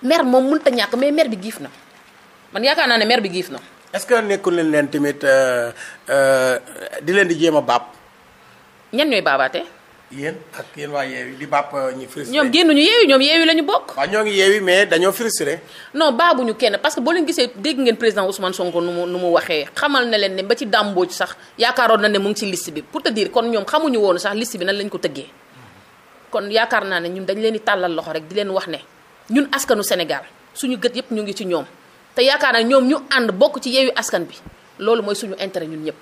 mer moom mënut a ñàkk mais mer bi giif na man yaakaar naa ne mer bi giif na. est-ce que nekkul leen leen tamit euh, euh, di leen di jéem a baab. ñan ñooy baabaate. yéen ak yéen waa yeewi di bàpp euh, ñi frustré ñoom ñu yeewi ñoom yeewi la ñu bokk waaw ñoo ngi yeewi mais dañoo frustré non baabuñu kenn parce que boo leen gisee dégg ngeen président Ousmane Sonko nu mu nu mu waxee xamal na leen ne ba ci dàmbooj sax yaakaaroon na ne mu ngi ci liste bi pour te dire kon ñoom xamuñu woonu sax liste bi nan lañ ko tëggee kon yaakaar naa ne ñun dañ leen di tàllal loxo rek di leen wax ne ñun askanu Sénégal suñu gët yëpp ñu ngi ci ñoom te yaakaar naa ñoom ñu ànd bokk ci yeewi askan bi loolu mooy suñu intérêt ñun ñëpp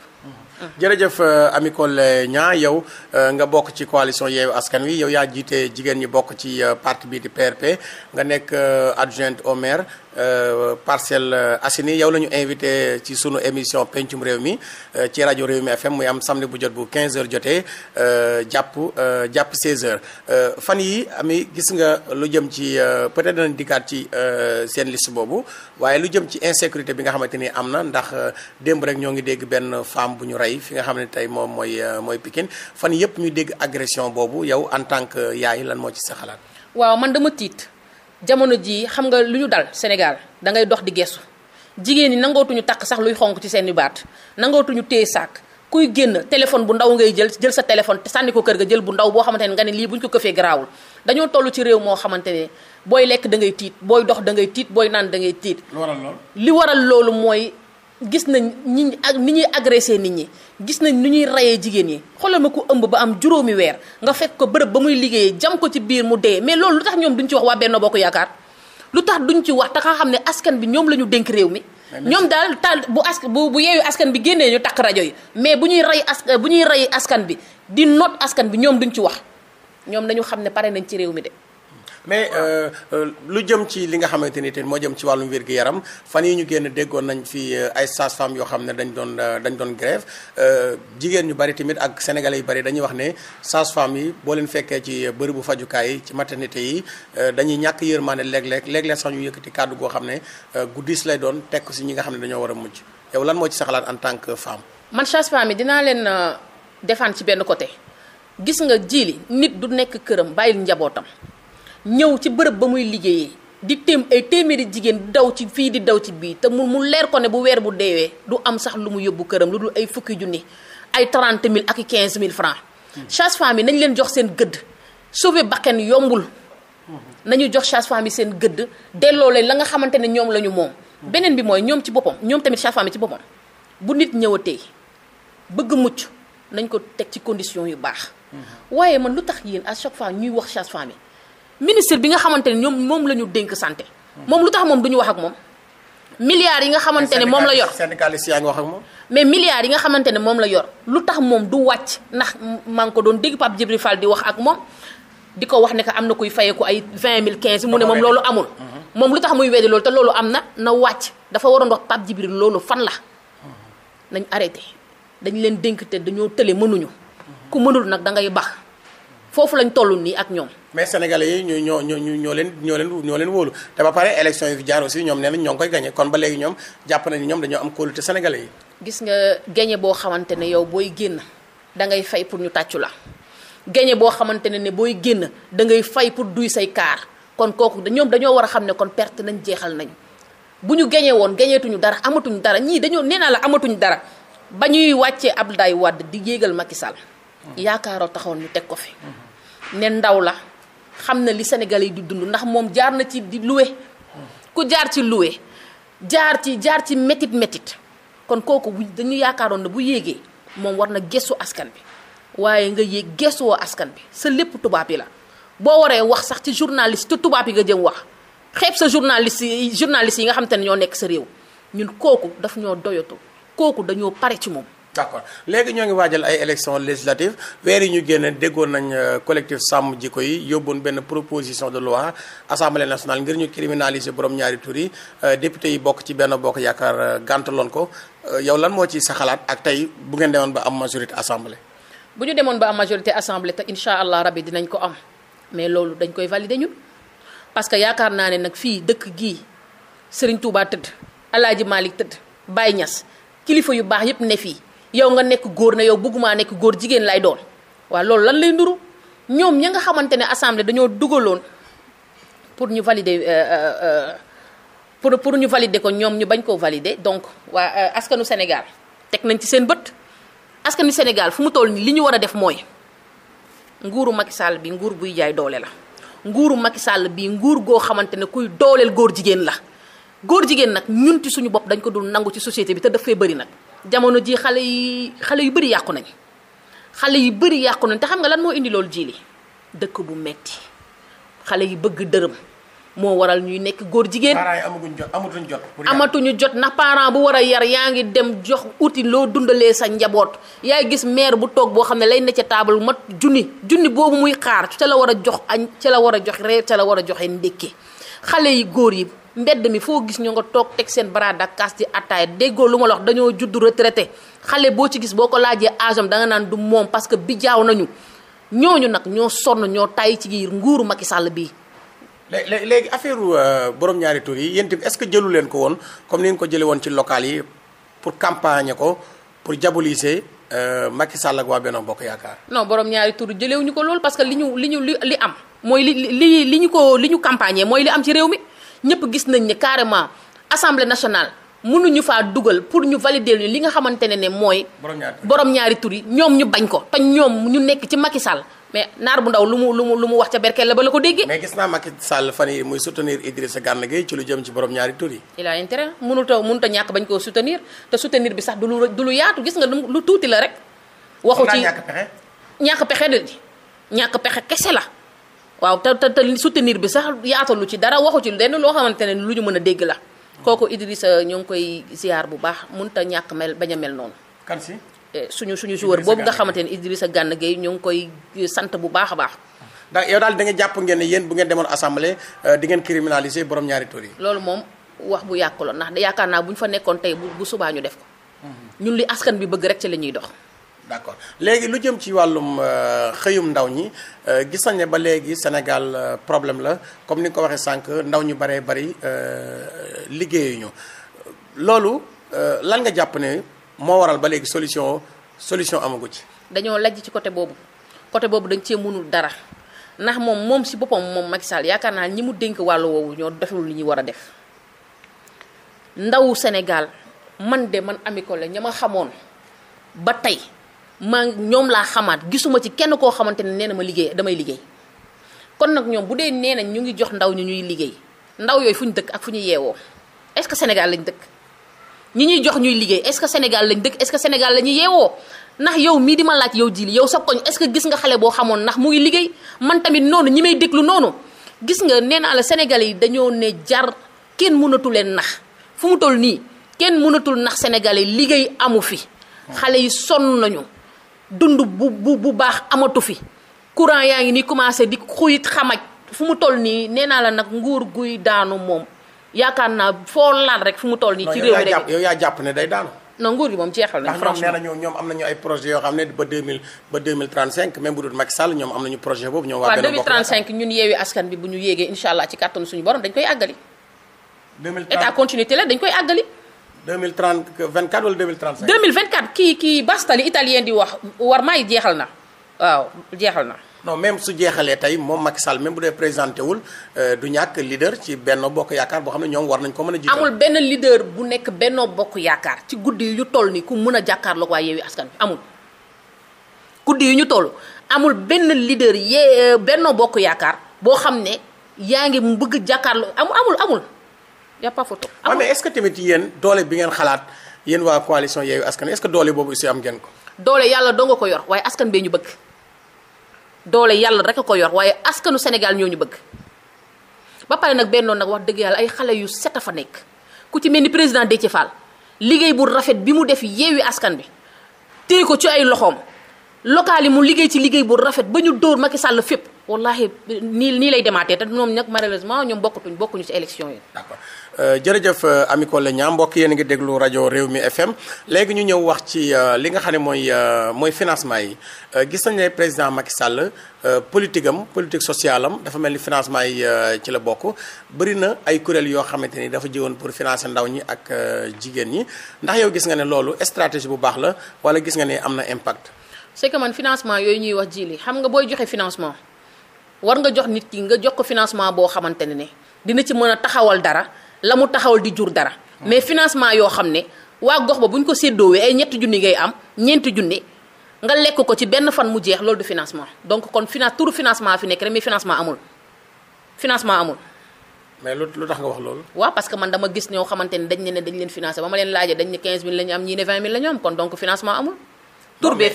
jërëjëf euh, Amy Collé Niang yow euh, nga bokk ci coalition Yewwi Askan Wi yow yaa jiite jigéen ñi bokk ci euh, parti bi di PRP nga nekk adjointe au maire Euh, parcelle Assainies yow lañu invité ci sunu émission pencum réew mi euh, ci rajo réew mi FM muy am samedi bu jot bu 15h jotee euh, jàpp jàpp 16h fan yi ami gis nga lu jëm ci peut-être dinañ dikkaat ci seen liste boobu waaye lu jëm ci insécurité bi nga xamante ni am na ndax démb rek ñoo ngi dégg benn femme bu ñu rey fi nga xam ne tey moom mooy mooy Pikine fan yëpp ñu dégg agression boobu yow en tant que yaay lan moo ci sa xalaat. waaw man dama tiit. jamono jii xam nga lu ñu dal Sénégal da ngay dox di gestu jigéen ñi nangootuñu takk sax luy xonk ci seen i baat nangootuñu téye saak kuy génn téléphone bu ndaw ngay jël jël sa téléphone te sànni ko kër ga jël bu ndaw boo xamante ne nga ne lii bu ñu ko këfee garaawul dañoo toll ci réew moo xamante ne booy lekk dangay tiit booy dox da ngay tiit booy naan da ngay tiit. li waral loolu mooy. gis nañ ñi ak ni ñuy agressé nit ñi gis nañ ni ñuy reyee jigéen ñi xoolal ma ku ëmb ba am juróomi weer nga fekk ko bërëb ba muy liggéeyee jam ko ci biir mu dee mais loolu lu tax ñoom duñ ci wax waa Benno Bokk Yaakaar lu tax duñ ci wax te nga xam ne askan bi ñoom la ñu dénk réew mi. ñoom daal taal bu as bu bu yeeyu askan bi génnee ñu takk rajo yi mais bu ñuy rey as bu ñuy rey askan bi di noot askan bi ñoom duñ ci wax ñoom nañu xam ne pare nañ ci réew mi de. mais euh, euh, lu jëm ci li nga xamante ni tamit moo jëm ci wàllum wér gu yaram fan yi ñu génn déggoon nañ fi euh, ay sages-femmes yoo xam ne dañu doon dañ doon grève jigéen ñu bari tamit ak sénégalais yu bari dañuy wax ne sages-femmes yi boo leen fekkee ci bërëbu fajukaay ci maternité yi dañuy ñàkk yërmaande léeg-léeg léeg-léeg sax ñu yëkkati kàddu goo xam ne guddis lay doon tekk si ñi nga xam ne dañoo war a mujj yow lan moo ci sa en tant que femme. man sage-femme yi dinaa leen défendre ci benn côté gis nga jiili nit du nekk këram bàyyil njabootam ñëw ci bërëb ba muy liggéeyee di téem ay téeméeri jigéen daw ci fii di daw ci biir te mu mu leer ko ne bu weer bu deewee du am sax lu mu yóbbu këram lu dul ay fukki junni ay trente 000 ak 15 000 francs chasse femme yi nañ leen jox seen gëdd sauver bakken yombul nañu jox chasse femme yi seen gëdd delloo leen la nga xamante ne ñoom la ñu moom beneen bi mooy ñoom ci boppam ñoom tamit chasse femme ci boppam bu nit ñëwatee bëgg mucc nañ ko teg ci condition yu baax mm-hmm. waaye man lu tax yéen à chaque fois ñuy wax chasse yi ministre bi nga xamante ne ñoom moom lañu ñu dénk santé. moom lu tax moom du ñu wax ak moom. milliards yi nga xamante ne moom la yor syndicaliste yaa ngi ak moom. mais milliards yi nga xamante ne moom la yor lu tax moom du wàcc ndax maa ngi ko doon dégg Pape Djibril Fall di wax ak moom di ko wax ne que am na kuy fayeeku ay 20 000 15 mu ne moom loolu amul. moom lu tax muy weddi loolu te loolu am na na wàcc dafa waroon wax Pape Djibril loolu fan la nañ arrêté dañ leen dénk te dañoo tële mënuñu ku mënul nag da ngay bax foofu lañ toll nii ak ñoom. mais sénégalais yi ñu ñoo ñoo ñoo leen ñoo leen ñoo leen wóolu te ba pare élection yi fi jaar aussi ñoom nee nañ ñoo koy gagné kon ba léegi ñoom jàpp nañu ñoom dañoo am kóolute sénégalais yi gis nga gagné boo xamante ne yow booy génn da ngay fay pour ñu tàccu la gagné boo xamante ne ne booy génn da fay pour duy say kaar kon kooku ñoom dañoo war a xam ne kon perte nañ jeexal nañ bu ñu gagné woon gagnétuñu dara amatuñ dara ñii dañoo nee naa la amatuñ dara ba ñuy wàcce ab day wadd di yéegal Macky Sall yaakaaroo taxoon ñu teg ko fi ne ndaw la xam na li Sénégalais yi di dund ndax moom jaar na ci di luwe ku jaar ci luwe jaar ci jaar ci métit métit kon kooku bu dañu yaakaaroon ne bu yéegee moom war na gëstu askan bi waaye nga yéeg gëstuwoo askan bi sa lépp tubaab yi la boo waree wax sax ci journaliste te tubaab yi nga jëm wax xeeb sa journaliste yi journaliste yi nga xam te ne ñoo nekk sa réew ñun kooku daf ñoo doyatu kooku dañoo pare ci moom d' accord léegi ñoo ngi waajal ay élections législatives weer yi ñu génne déggoon nañ euh, collectif sàmm jikko yi yóbboon benn proposition de loi assemblée nationale ngir ñu criminaliser borom ñaari tur yi euh, député yi bokk ci benn bokk yaakaar euh, gàntaloon ko yow lan moo ci sa xalaat ak tey bu ngeen demoon ba am majorité assemblée. bu ñu demoon ba am majorité assemblée te incha allah rabi dinañ ko am mais loolu dañ koy valider ñun parce que yaakaar naa ne nag fii dëkk gi Serigne Touba tëdd El Hadj Malick tëdd Baye kilifa yu baax yëpp ne fii. yow nga nekk góor na yow bëggumaa nekk góor jigéen lay doon waa loolu lan lay nduru ñoom ña nga xamante ne assemblée dañoo dugaloon pour ñu valider euh, euh, euh, pour pour ñu valider ko ñoom ñu bañ koo valider donc waa askanu Sénégal teg nañ ci seen bët askanu Sénégal fu mu toll nii li ñu war a def mooy nguuru Macky Sall bi nguur buy jaay doole la. nguuru Macky Sall bi nguur goo xamante ne kuy dooleel góor jigéen la góor jigéen nag ñun ci suñu bopp dañ ko dul nangu ci société bi te daf fee bëri nag. jamono ji xale yi xale yu bëri yàqu nañ xale yu bari yàqu nañ te xam nga lan moo indi loolu ji dëkk bu metti xale yi bëgg dërëm moo waral ñuy nekk góor jigéen. amaguñ jot amatuñ jot. amatuñu jot na parent bu war a yar yaa ngi dem jox uti loo dundalee sa njaboot yaa gis mère bu toog boo xam ne lay ne ca taabal mat junni junni boobu muy xaar ca la war a jox añ ca la war a jox reer ca la war a joxe ndékki xale yi góor yi. mbedd mi foo gis ñu nga toog teg seen baraada ak kaas di attaaya déggoo lu ma la dañoo judd retraité xale boo ci gis boo ko laajee âge am da nga naan du moom parce que bi jaaw nañu ñooñu nag ñoo sonn ñoo tay ci giir nguuru Macky Sall bii. léegi affaire euh, borom ñaari tur yi yéen est-ce que jëlu leen ko woon comme ni ngeen ko jëlee woon ci local yi pour campagne ko pour diaboliser euh, Macky Sall ak waa Benno Bokk Yaakaar. non borom ñaari tur jëlewuñu ko lool parce que li ñu li ñu li am mooy li li li ñu ko li ñu campagner mooy li am ci réew mi. ñëpp gis nañ ni carrément assemblée nationale mënuñu faa dugal pour ñu valider ñu li nga xamante ne ne mooy. borom ñaari tur ñoom ñu bañ ko. te ñoom ñu nekk ci Macky Sall mais naar bu ndaw lu mu lu mu lu mu wax ca berkel la ba la ko déggee. mais gis naa Macky Sall fan yi muy soutenir Idrissa Gana Gueye ci lu jëm ci borom ñaari tur yi. il a intérêt mënut a mënut a ñàkk bañ koo soutenir te soutenir bi sax du lu du lu yaatu gis nga lu tuuti la rek. waxu ci ñàkk pexe. ñàkk pexe de ñàkk pexe kese la. waaw te te te bi sax yaatalu ci dara waxu ci lenn loo xamante ne lu ñu mën a dégg la kooku Idrissa ñoo ngi koy ziar bu baax mënut a ñàkk mel bañ a noonu. kan si eh, suñu suñu joueur boobu nga xamante ne Idrissa Gana Gueye ñoo ngi koy sant bu baax a baax. ndax yow daal da jàpp ngeen ne yéen bu ngeen demoon assemblée euh, di ngeen borom ñaari tur yi. loolu moom wax bu yàqu la ndax yaakaar naa bu ñu fa nekkoon tey bu subaa ñu def ko. Mhm. ñun li askan bi bëgg rek ci la ñuy dox. d' accord léegi lu jëm ci wàllum euh, xëyum ndaw ñi euh, gis nañ ne ba léegi Sénégal euh, problème la comme ni nga ko waxee sànq ndaw ñu baree bari liggéeyuñu loolu lan nga jàpp ne moo waral ba léegi solution solution amagu ci. dañoo lajj ci côté boobu côté boobu dañ cee mënul dara ndax moom moom si boppam moom Macky Sall yaakaar naa ñi mu dénk wàllu woowu ñoo deful li ñuy war a def ndaw Sénégal man de man ami ko la ña ma xamoon ba tey. maa ñoom laa xamaat gisuma ci kenn koo xamante ne nee na ma liggéey damay liggéey kon nag ñoom bu dee nee nañ ñu ngi jox ndaw ñu ñuy liggéey ndaw yooyu fu ñu dëkk ak fu ñu yeewoo est-ce que Sénégal lañ dëkk ñi ñuy jox ñuy liggéey est-ce que Sénégal lañ dëkk est-ce que Sénégal la ñu yeewoo ndax yow mii di ma laaj yow jili yow sa koñ est-ce que gis nga xale boo xamoon ndax mu ngi liggéey man tamit noonu ñi may déglu noonu gis nga nee naa la Sénégalais yi dañoo ne jar kenn mënatu leen nax fu mu toll nii kenn mënatul nax Sénégalais liggéey amu fi xale yi sonn nañu dund bu bu bu baax amatu fi courant yaa ngi ni commencé di xuyit xamaj fu mu toll nii nee naa la nag nguur guy daanu moom yaakaar naa foo laal rek fu mu toll nii. ci réew mi yow yaa jàpp ne day daanu. non nguur gi moom jeexal nañu franchement ñoom am nañu ay projet yoo xam ne ba deux mille ba deux mille trente cinq même bu dul Macky Sall ñoom am nañu projet boobu. ñoom waa benn bokk na waaw ñun yeewi askan bi bu ñu yéegee incha allah ci kàttanu suñu borom dañ koy àggali. 2030 la dañ koy àggali. 2030 24 wala 2035. 2024 kii kii Bastali italien di wax war may jeexal na waaw jeexal na. non même su jeexalee tey moom mag Sall même bu dee présenté wul euh, du ñàkk leader ci Benno Bokk Yaakaar boo xam ne ñoom war nañ ko mën a jiital. amul benn leader bu nekk Benno ci guddi yu toll ni ku mën a jàkkaarloog waa Yewwi Askan Wi amul. yu ñu toll amul benn leader yee Benno Bokk Yaakaar boo xam ne yaa ngi bëgg jàkkaarloo amul amul amul. y' a pas photo. amul ah, mais est ce que tamit yéen doole bi ngeen xalaat yéen waa coalition Yewwi Askan est ce que doole boobu aussi am ngeen ko. doole yàlla doo nga ko yor waaye askan bee ñu bëgg doole yàlla rek a ko yor waaye askanu Sénégal ñoo ñu bëgg ba pare nag bennoon nag wax dëgg yàlla ay xale yu set a fa nekk ku ci mel ni président Déthié Fall liggéey bu rafet bi mu def Yewwi Askan bi téye ko ci ay loxoom. local yi mu liggéey ci liggéey bu rafet ba ñu dóor Macky sàll fépp wallahi nii nii lay demaatee te noonu nag malheureusement ñoom bokkatuñ bokkuñu ci élection yi. d'accord euh, jërëjëf euh, Ami Collé mbokk yéen a ngi déglu rajo réew mi FM léegi ñu ñëw wax ci euh, li nga xam ne mooy mooy financement yi gis nañ ne président Macky sàll politique am politique sociale am dafa mel ni financement yi ci la bokk bëri na ay kuréel yoo xamante ni dafa jiwoon pour financer ndaw ñi ak jigéen ñi ndax yow gis nga ne loolu stratégie bu baax la wala gis nga ne am na impact. c'est que man financement yooyu ñuy wax ji li xam nga booy joxe financement war nga jox nit ki nga jox ko financement boo xamante ne ne dina ci mën a taxawal dara la mu taxawal di jur dara. Hmm. mais financement yoo xam ne waa gox ba bu ñu ko séddoowee ay ñetti junni ngay am ñeenti junni nga lekk ko ci benn fan mu jeex loolu du financement donc kon finance turu financement fi nekk rek mais financement amul financement amul. mais lu lu tax nga wax loolu. waaw ne dañ ne dañ leen ne 15000 la ñu am ñii ne 20000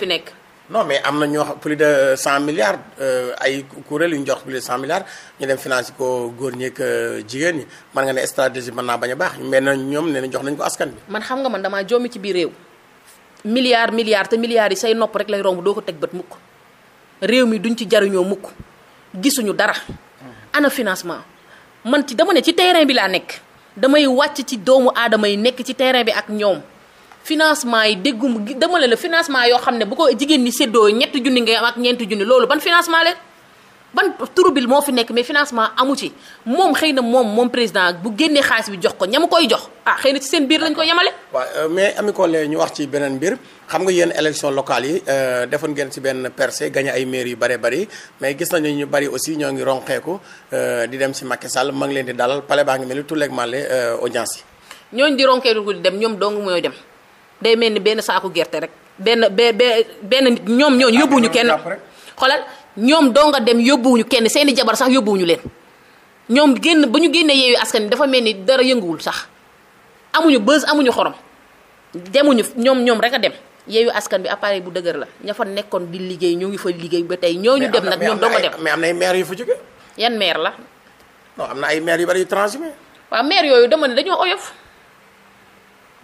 nekk. non mais am na ñoo xam plus de cent milliards euh, ay kuréel yu ñu jox plus de cent milliards ñu dem financé ko góor ñeeg euh, jigéen ñi man nga ne stratégie mën naa bañ a baax mais na ñoom nee na jox nañu ko askan bi man xam nga man dama joomi ci biir réew milliards milliards te milliards yi say nopp rek lay romb doo ko teg bët mukk réew mi duñ ci jariñoo mukk gisuñu dara ana financement man ci dama ne ci terrain bi laa nekk damay wàcc ci doomu aadama yi nekk ci terrain bi ak ñoom financement yi déggum dama la financement yoo xam ne bu ko jigéen ñi séddoo ñetti junni ngay am ak ñeenti junni loolu ban financement leen ban turubil moo fi nekk mais financement amu ci moom xëy na moom moom président bu génnee xaalis bi jox ko ñamu koy jox ah xëy na ci seen biir lañ ko yemale. waaw euh, mais Ami Collé ñu wax ci beneen mbir xam nga yéen élection locale yi euh, defoon ngeen ci benn percée gagné ay maires yu bëree bëri mais gis nañu ñu bari aussi ñoo ngi ronqeeku euh, di dem ci Macky Sall ma leen di dalal pale baa ngi mel ni tout le monde audience yi. ñooñu di ronqeeku di dem ñoom dong mooy dem. day mel ni benn saaku gerte rek benn be benn nit ñoom ñooñu yóbbuwuñu kenn xoolal ñoom doo nga dem yóbbuwuñu kenn seeni jabar sax yóbbuwuñu leen ñoom génn ba ñu génnee yeewu askan dafa mel ni dara yënguwul sax amuñu bës amuñu xorom demuñu ñoom ñoom rek a dem yeewu askan bi appareil bu dëgër la ña fa nekkoon di liggéey ñoo ngi fa liggéey ba tey ñooñu dem nag ñoom doo nga dem mais am na ay maire yu fa jóge yan meer la non am na ay maire yu bari yu transhumé waaw maire yooyu dama ne dañoo oyof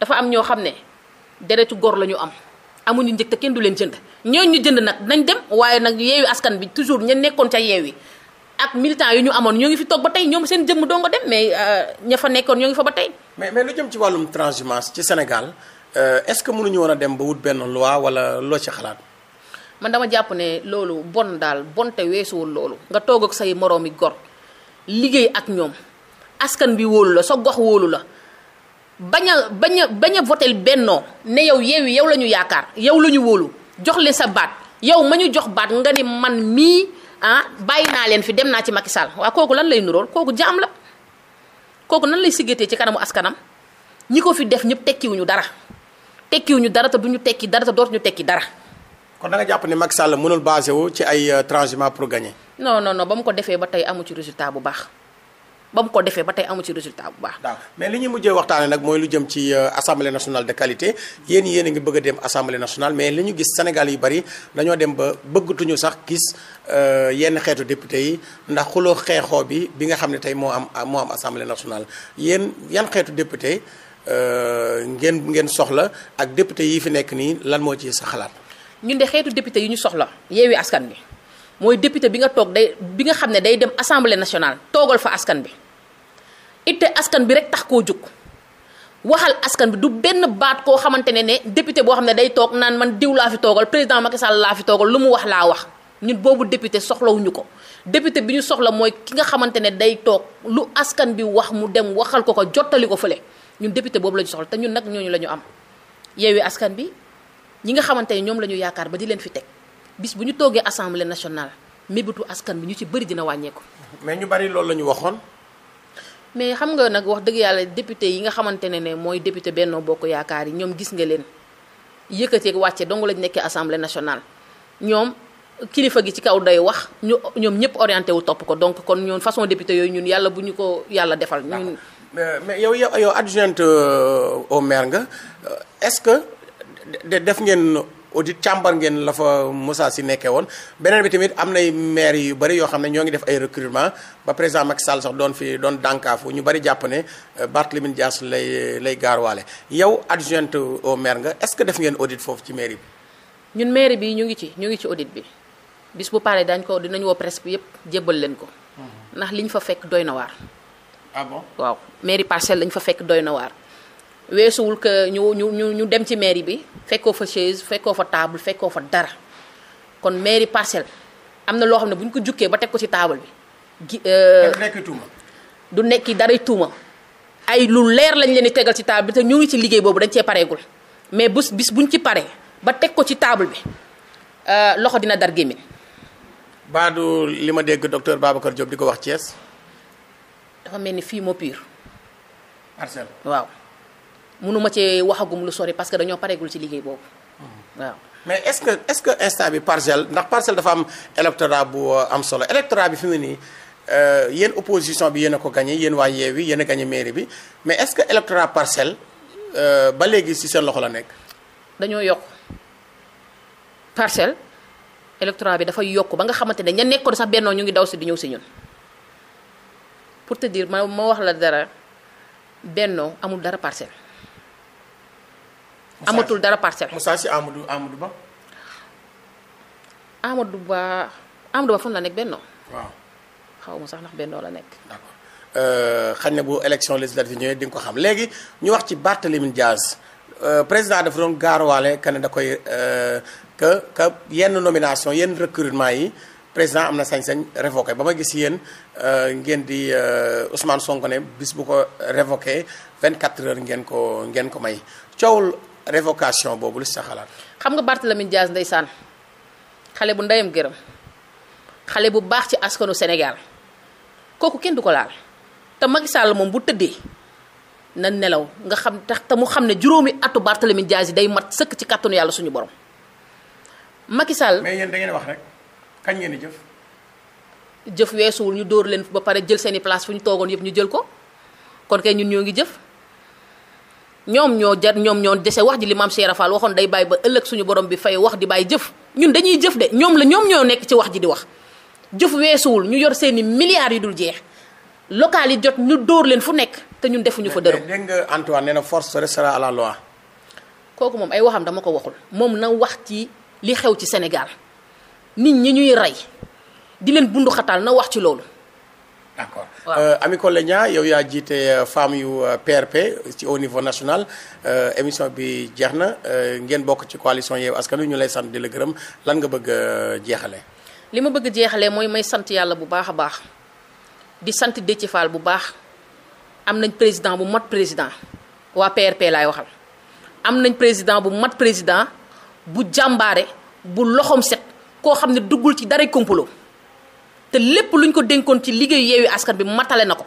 dafa am ñoo xam ne deretu gor la ñu am amuñu njëg te kenn du leen jënd ñooñu jënd nag nañ dem waaye nag yeewi askan bi toujours ña nekkoon ca yeewi ak militant yu ñu amoon ñoo ngi fi toog ba tey ñoom seen jëmm doo nga dem mais euh, ña fa nekkoon ñoo ngi fa ba tey. mais mais lu jëm ci wàllum transhumance ci Sénégal euh, est-ce que mënuñu woon a dem ba wut benn loi wala loo ci xalaat. man dama jàpp ne loolu bon daal bonte weesuwul loolu nga toog ak say moroomi gor liggéey ak ñoom askan bi wóolu la sa gox wóolu la. bañ a bañ a bañ a votel bennoo ne yow yeewi yow la ñu yaakaar yow la ñu wóolu jox leen sa baat yow ma ñu jox baat nga ni man mii ah bàyyi naa leen fi dem naa ci Macky Sall kooku lan lay nurool kooku jaam la kooku nan lay siggatee ci kanamu askanam ñi ko fi def ñëpp tekkiwuñu dara tekkiwuñu dara te duñu tekki dara te dootuñu tekki dara. kon da nga jàpp ne Macky Sall mënul basé wu ci ay euh, transhumance pour gagner. non non non ba mu ko defee ba tey amu ci résultat bu baax. ba mu ko defee ba tey amu ci résultat bu baax. waaw mais li ñu mujjee waxtaanee nag mooy lu jëm ci euh, assemblée national de qualité yéen yéen a ngi bëgg a dem assemblée nationale mais li ñu gis Sénégal yu bari dañoo dem ba bëggatuñu sax gis euh, yenn xeetu député yi ndax xuloo xeexoo bi bi nga xam ne tey moo am moo am assemblée nationale yéen yan xeetu député euh, ngeen ngeen soxla ak député yi fi nekk nii lan moo ci sa xalaat. ñun de xeetu député yi ñu soxla yeewi askan wi. mooy député bi nga toog day bi nga xam ne day dem assemblée national toogal fa askan bi itte askan bi rek tax koo jóg waxal askan bi du benn baat koo xamante ne ne député boo xam ne day toog naan man diw laa fi toogal président Sall laa fi toogal lu mu wax wax ñun boobu député soxlawuñu ko député bi ñu soxla mooy ki nga xamante ne day toog lu askan bi wax mu dem waxal ko ko jottali ko fële ñun député boobu la ñu soxla te ñun nag ñooñu la ñu am yeewi askan bi ñi nga xamante ne ñoom la ñu yaakaar ba di leen fi teg bis bu ñu toogee assemblée nationale mébétu askan bi ñu ci bëri dina wàññeeku. mais ñu bari loolu la ñu waxoon. mais xam nga nag wax dëgg yàlla député yi nga xamante ne ne mooy député Benno Bokk Yaakaar yi ñoom gis nga leen yëkkateeg wàcce dong lañ nekkee assemblée nationale ñoom. kilifa gi ci kaw day wax ñu ñoom ñëpp orienté wu topp ko donc kon ñun façon député yooyu ñun yàlla bu ñu ko yàlla defal. ñun mais yow yow yow adjointe euh, au maire nga euh, est-ce que def ngeen audit càmbar ngeen la fa Moussa Sy nekkee woon beneen bi tamit am nay maire yu bëri yoo xam ne ñoo ngi def ay recrutement ba président Macky Sall sax doon fi doon dànkaafu ñu bëri jàpp ne euh, Barthélémy Dias lay lay gaarwaale yow adjointe au maire nga est-ce que def ngeen audit foofu ci mair bi ñun mairie bi ñu ngi ci ñu ngi ci audit bi bis bu pare dañ ko dinañ woo presse bi yëpp jébbal leen ko mhm. ndax li ñu fa fekk doy na waar ah bon waaw mairie parcelle lañ fa fekk doy na waar weesuwul que ñu ñu ñu dem ci mairie bi fekkoo fa chaise fekkoo fa table fekkoo fa dara kon mairie parcelle am na loo xam ne bu ñu ko jukkee ba teg ko ci table bi. gi euh, du nekki daray tuuma ay lu leer lañ leen di tegal ci table bi te ñu ngi ci liggéey boobu dañ cee pareegul mais bés bis buñ ci pare ba teg ko ci table bi euh, loxo dina dar gémmiñ. baadu li ma dégg docteur Babacar Diop di ko wax cees dafa mel ni fii moo pire. parcelle waaw. mënuma cee waxagum lu sori parce que dañoo pareegul ci liggéey boobu hmm. mais est-ce ce que instant bi parcelle ndax parcelle dafa am électorat bu euh, am solo électorat bi fi mu nii euh, yéen opposition bi yéen ko gagné yéen waa Yewwi yéen a gagné mairie bi mais est-ce que électorat parcelle euh, ba léegi ci seen loxo la nekk. dañoo yokk parcelle électorat bi dafay yokk ba nga xamante ne ña nekkoon sax bennoo ñu ngi daw si di ñëw si ñun pour te dire ma ma wax la dara bennoo amul dara parcelle. amatul dara parcelle. Moussa si Amadou Amadou Ba. Amadou Ba Amadou Ba fu la nekk bennoo. waaw xaw ma sax ndax bennoo la nekk. d'accord euh, na ne bu élection législative ñëwee di nga ko xam léegi ñu wax ci Barthélémy Diaz euh, président dafa doon gaaruwaale que ne da koy euh, que que yenn nomination yenn recrutement yi. président am na sañ-sañ révoqué ba ma gis yéen ngeen di Ousmane sonk ne bis bu ko révoqué 24 heures ngeen ko ngeen ko may coowul révocation boobu lu sa xalaat. xam nga Barthélemy Dias ndeysaan xale bu ndeyam gërëm xale bu baax ci askanu Sénégal kooku kenn du ko laal te Macky Sall moom bu tëddee na nelaw nga xam tax te mu xam ne juróomi atu Barthélemy Dias yi day mat sëkk ci kàttanu yàlla suñu borom Macky Sall. mais yéen da ngeen wax rek kañ ngeen di jëf. jëf weesuwul ñu dóor leen ba pare jël seeni place fu ñu toogoon yëpp ñu jël ko kon kay ñun ñoo ngi jëf. ñoom ñoo jar ñoom ñoo dese wax ji li maam si Rafal waxoon day bàyyi ba ëllëg suñu borom bi fay wax di bàyyi jëf ñun dañuy jëf de ñoom la ñoom ñoo nekk ci wax ji di wax jëf weesuwul ñu yor seeni milliards yi dul jeex local yi jot ñu dóor leen fu nekk te ñun defuñu fa dërëm. dégg nga Antoine nee na force restera à la loi. kooku moom ay waxam dama ko waxul moom na wax ci li xew ci senegal nit ñi ñuy rey di leen bundu xataal na wax ci loolu. d' accord waaw euh, Amy Collé Nia yow yaa jiite euh, femmes yu PRP euh, ci au niveau national émission bi jeex na ngeen bokk ci coalition Yewwi Askan Wi ñu lay sant di la gërëm lan nga bëgg jeexale li ma bëgg jeexalee mooy may sant yàlla bu baax a baax di sant Déthié fale bu baax am nañ président bu mat président waa PRP laay waxal am nañ président bu mat président bu jàmbaare bu loxom set koo xam ne duggul ci dara complot te lépp luñ ko dénkoon ci liggéeyu yeewi askan bi matale na ko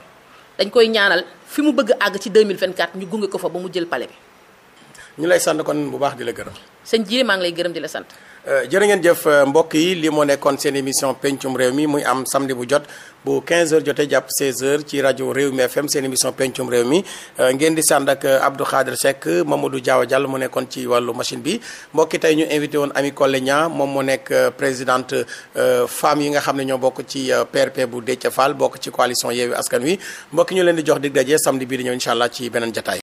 dañ koy ñaanal fi mu bëgg àgg ci 2024 ñu gunge ko fa ba mu jël pale bi. ñu lay sant kon bu baax di la gërëm. sëñ Dié maa ngi lay gërëm di la sant. Euh, jërë ngeen jëf euh, mbokk yi li moo nekkoon seen émission pencum réew mi muy am samedi bu jot bu 15h jotee jàpp 16h ci rajo réew mi FM seen émission pencum réew mi euh, ngeen di sànd ak Abdou Khadre Seck du Diaw jàll mu nekkoon ci wàllu machine bi mbokki tey ñu invité woon Ami Collé moom mu nekk présidente femme yi nga xam ne ñoo bokk ci PRP bu Déthié Fall bokk ci coalition Yewwi Askan Wi mbokki ñu leen di jox dig daje samedi bii di ñëw incha allah ci beneen jataay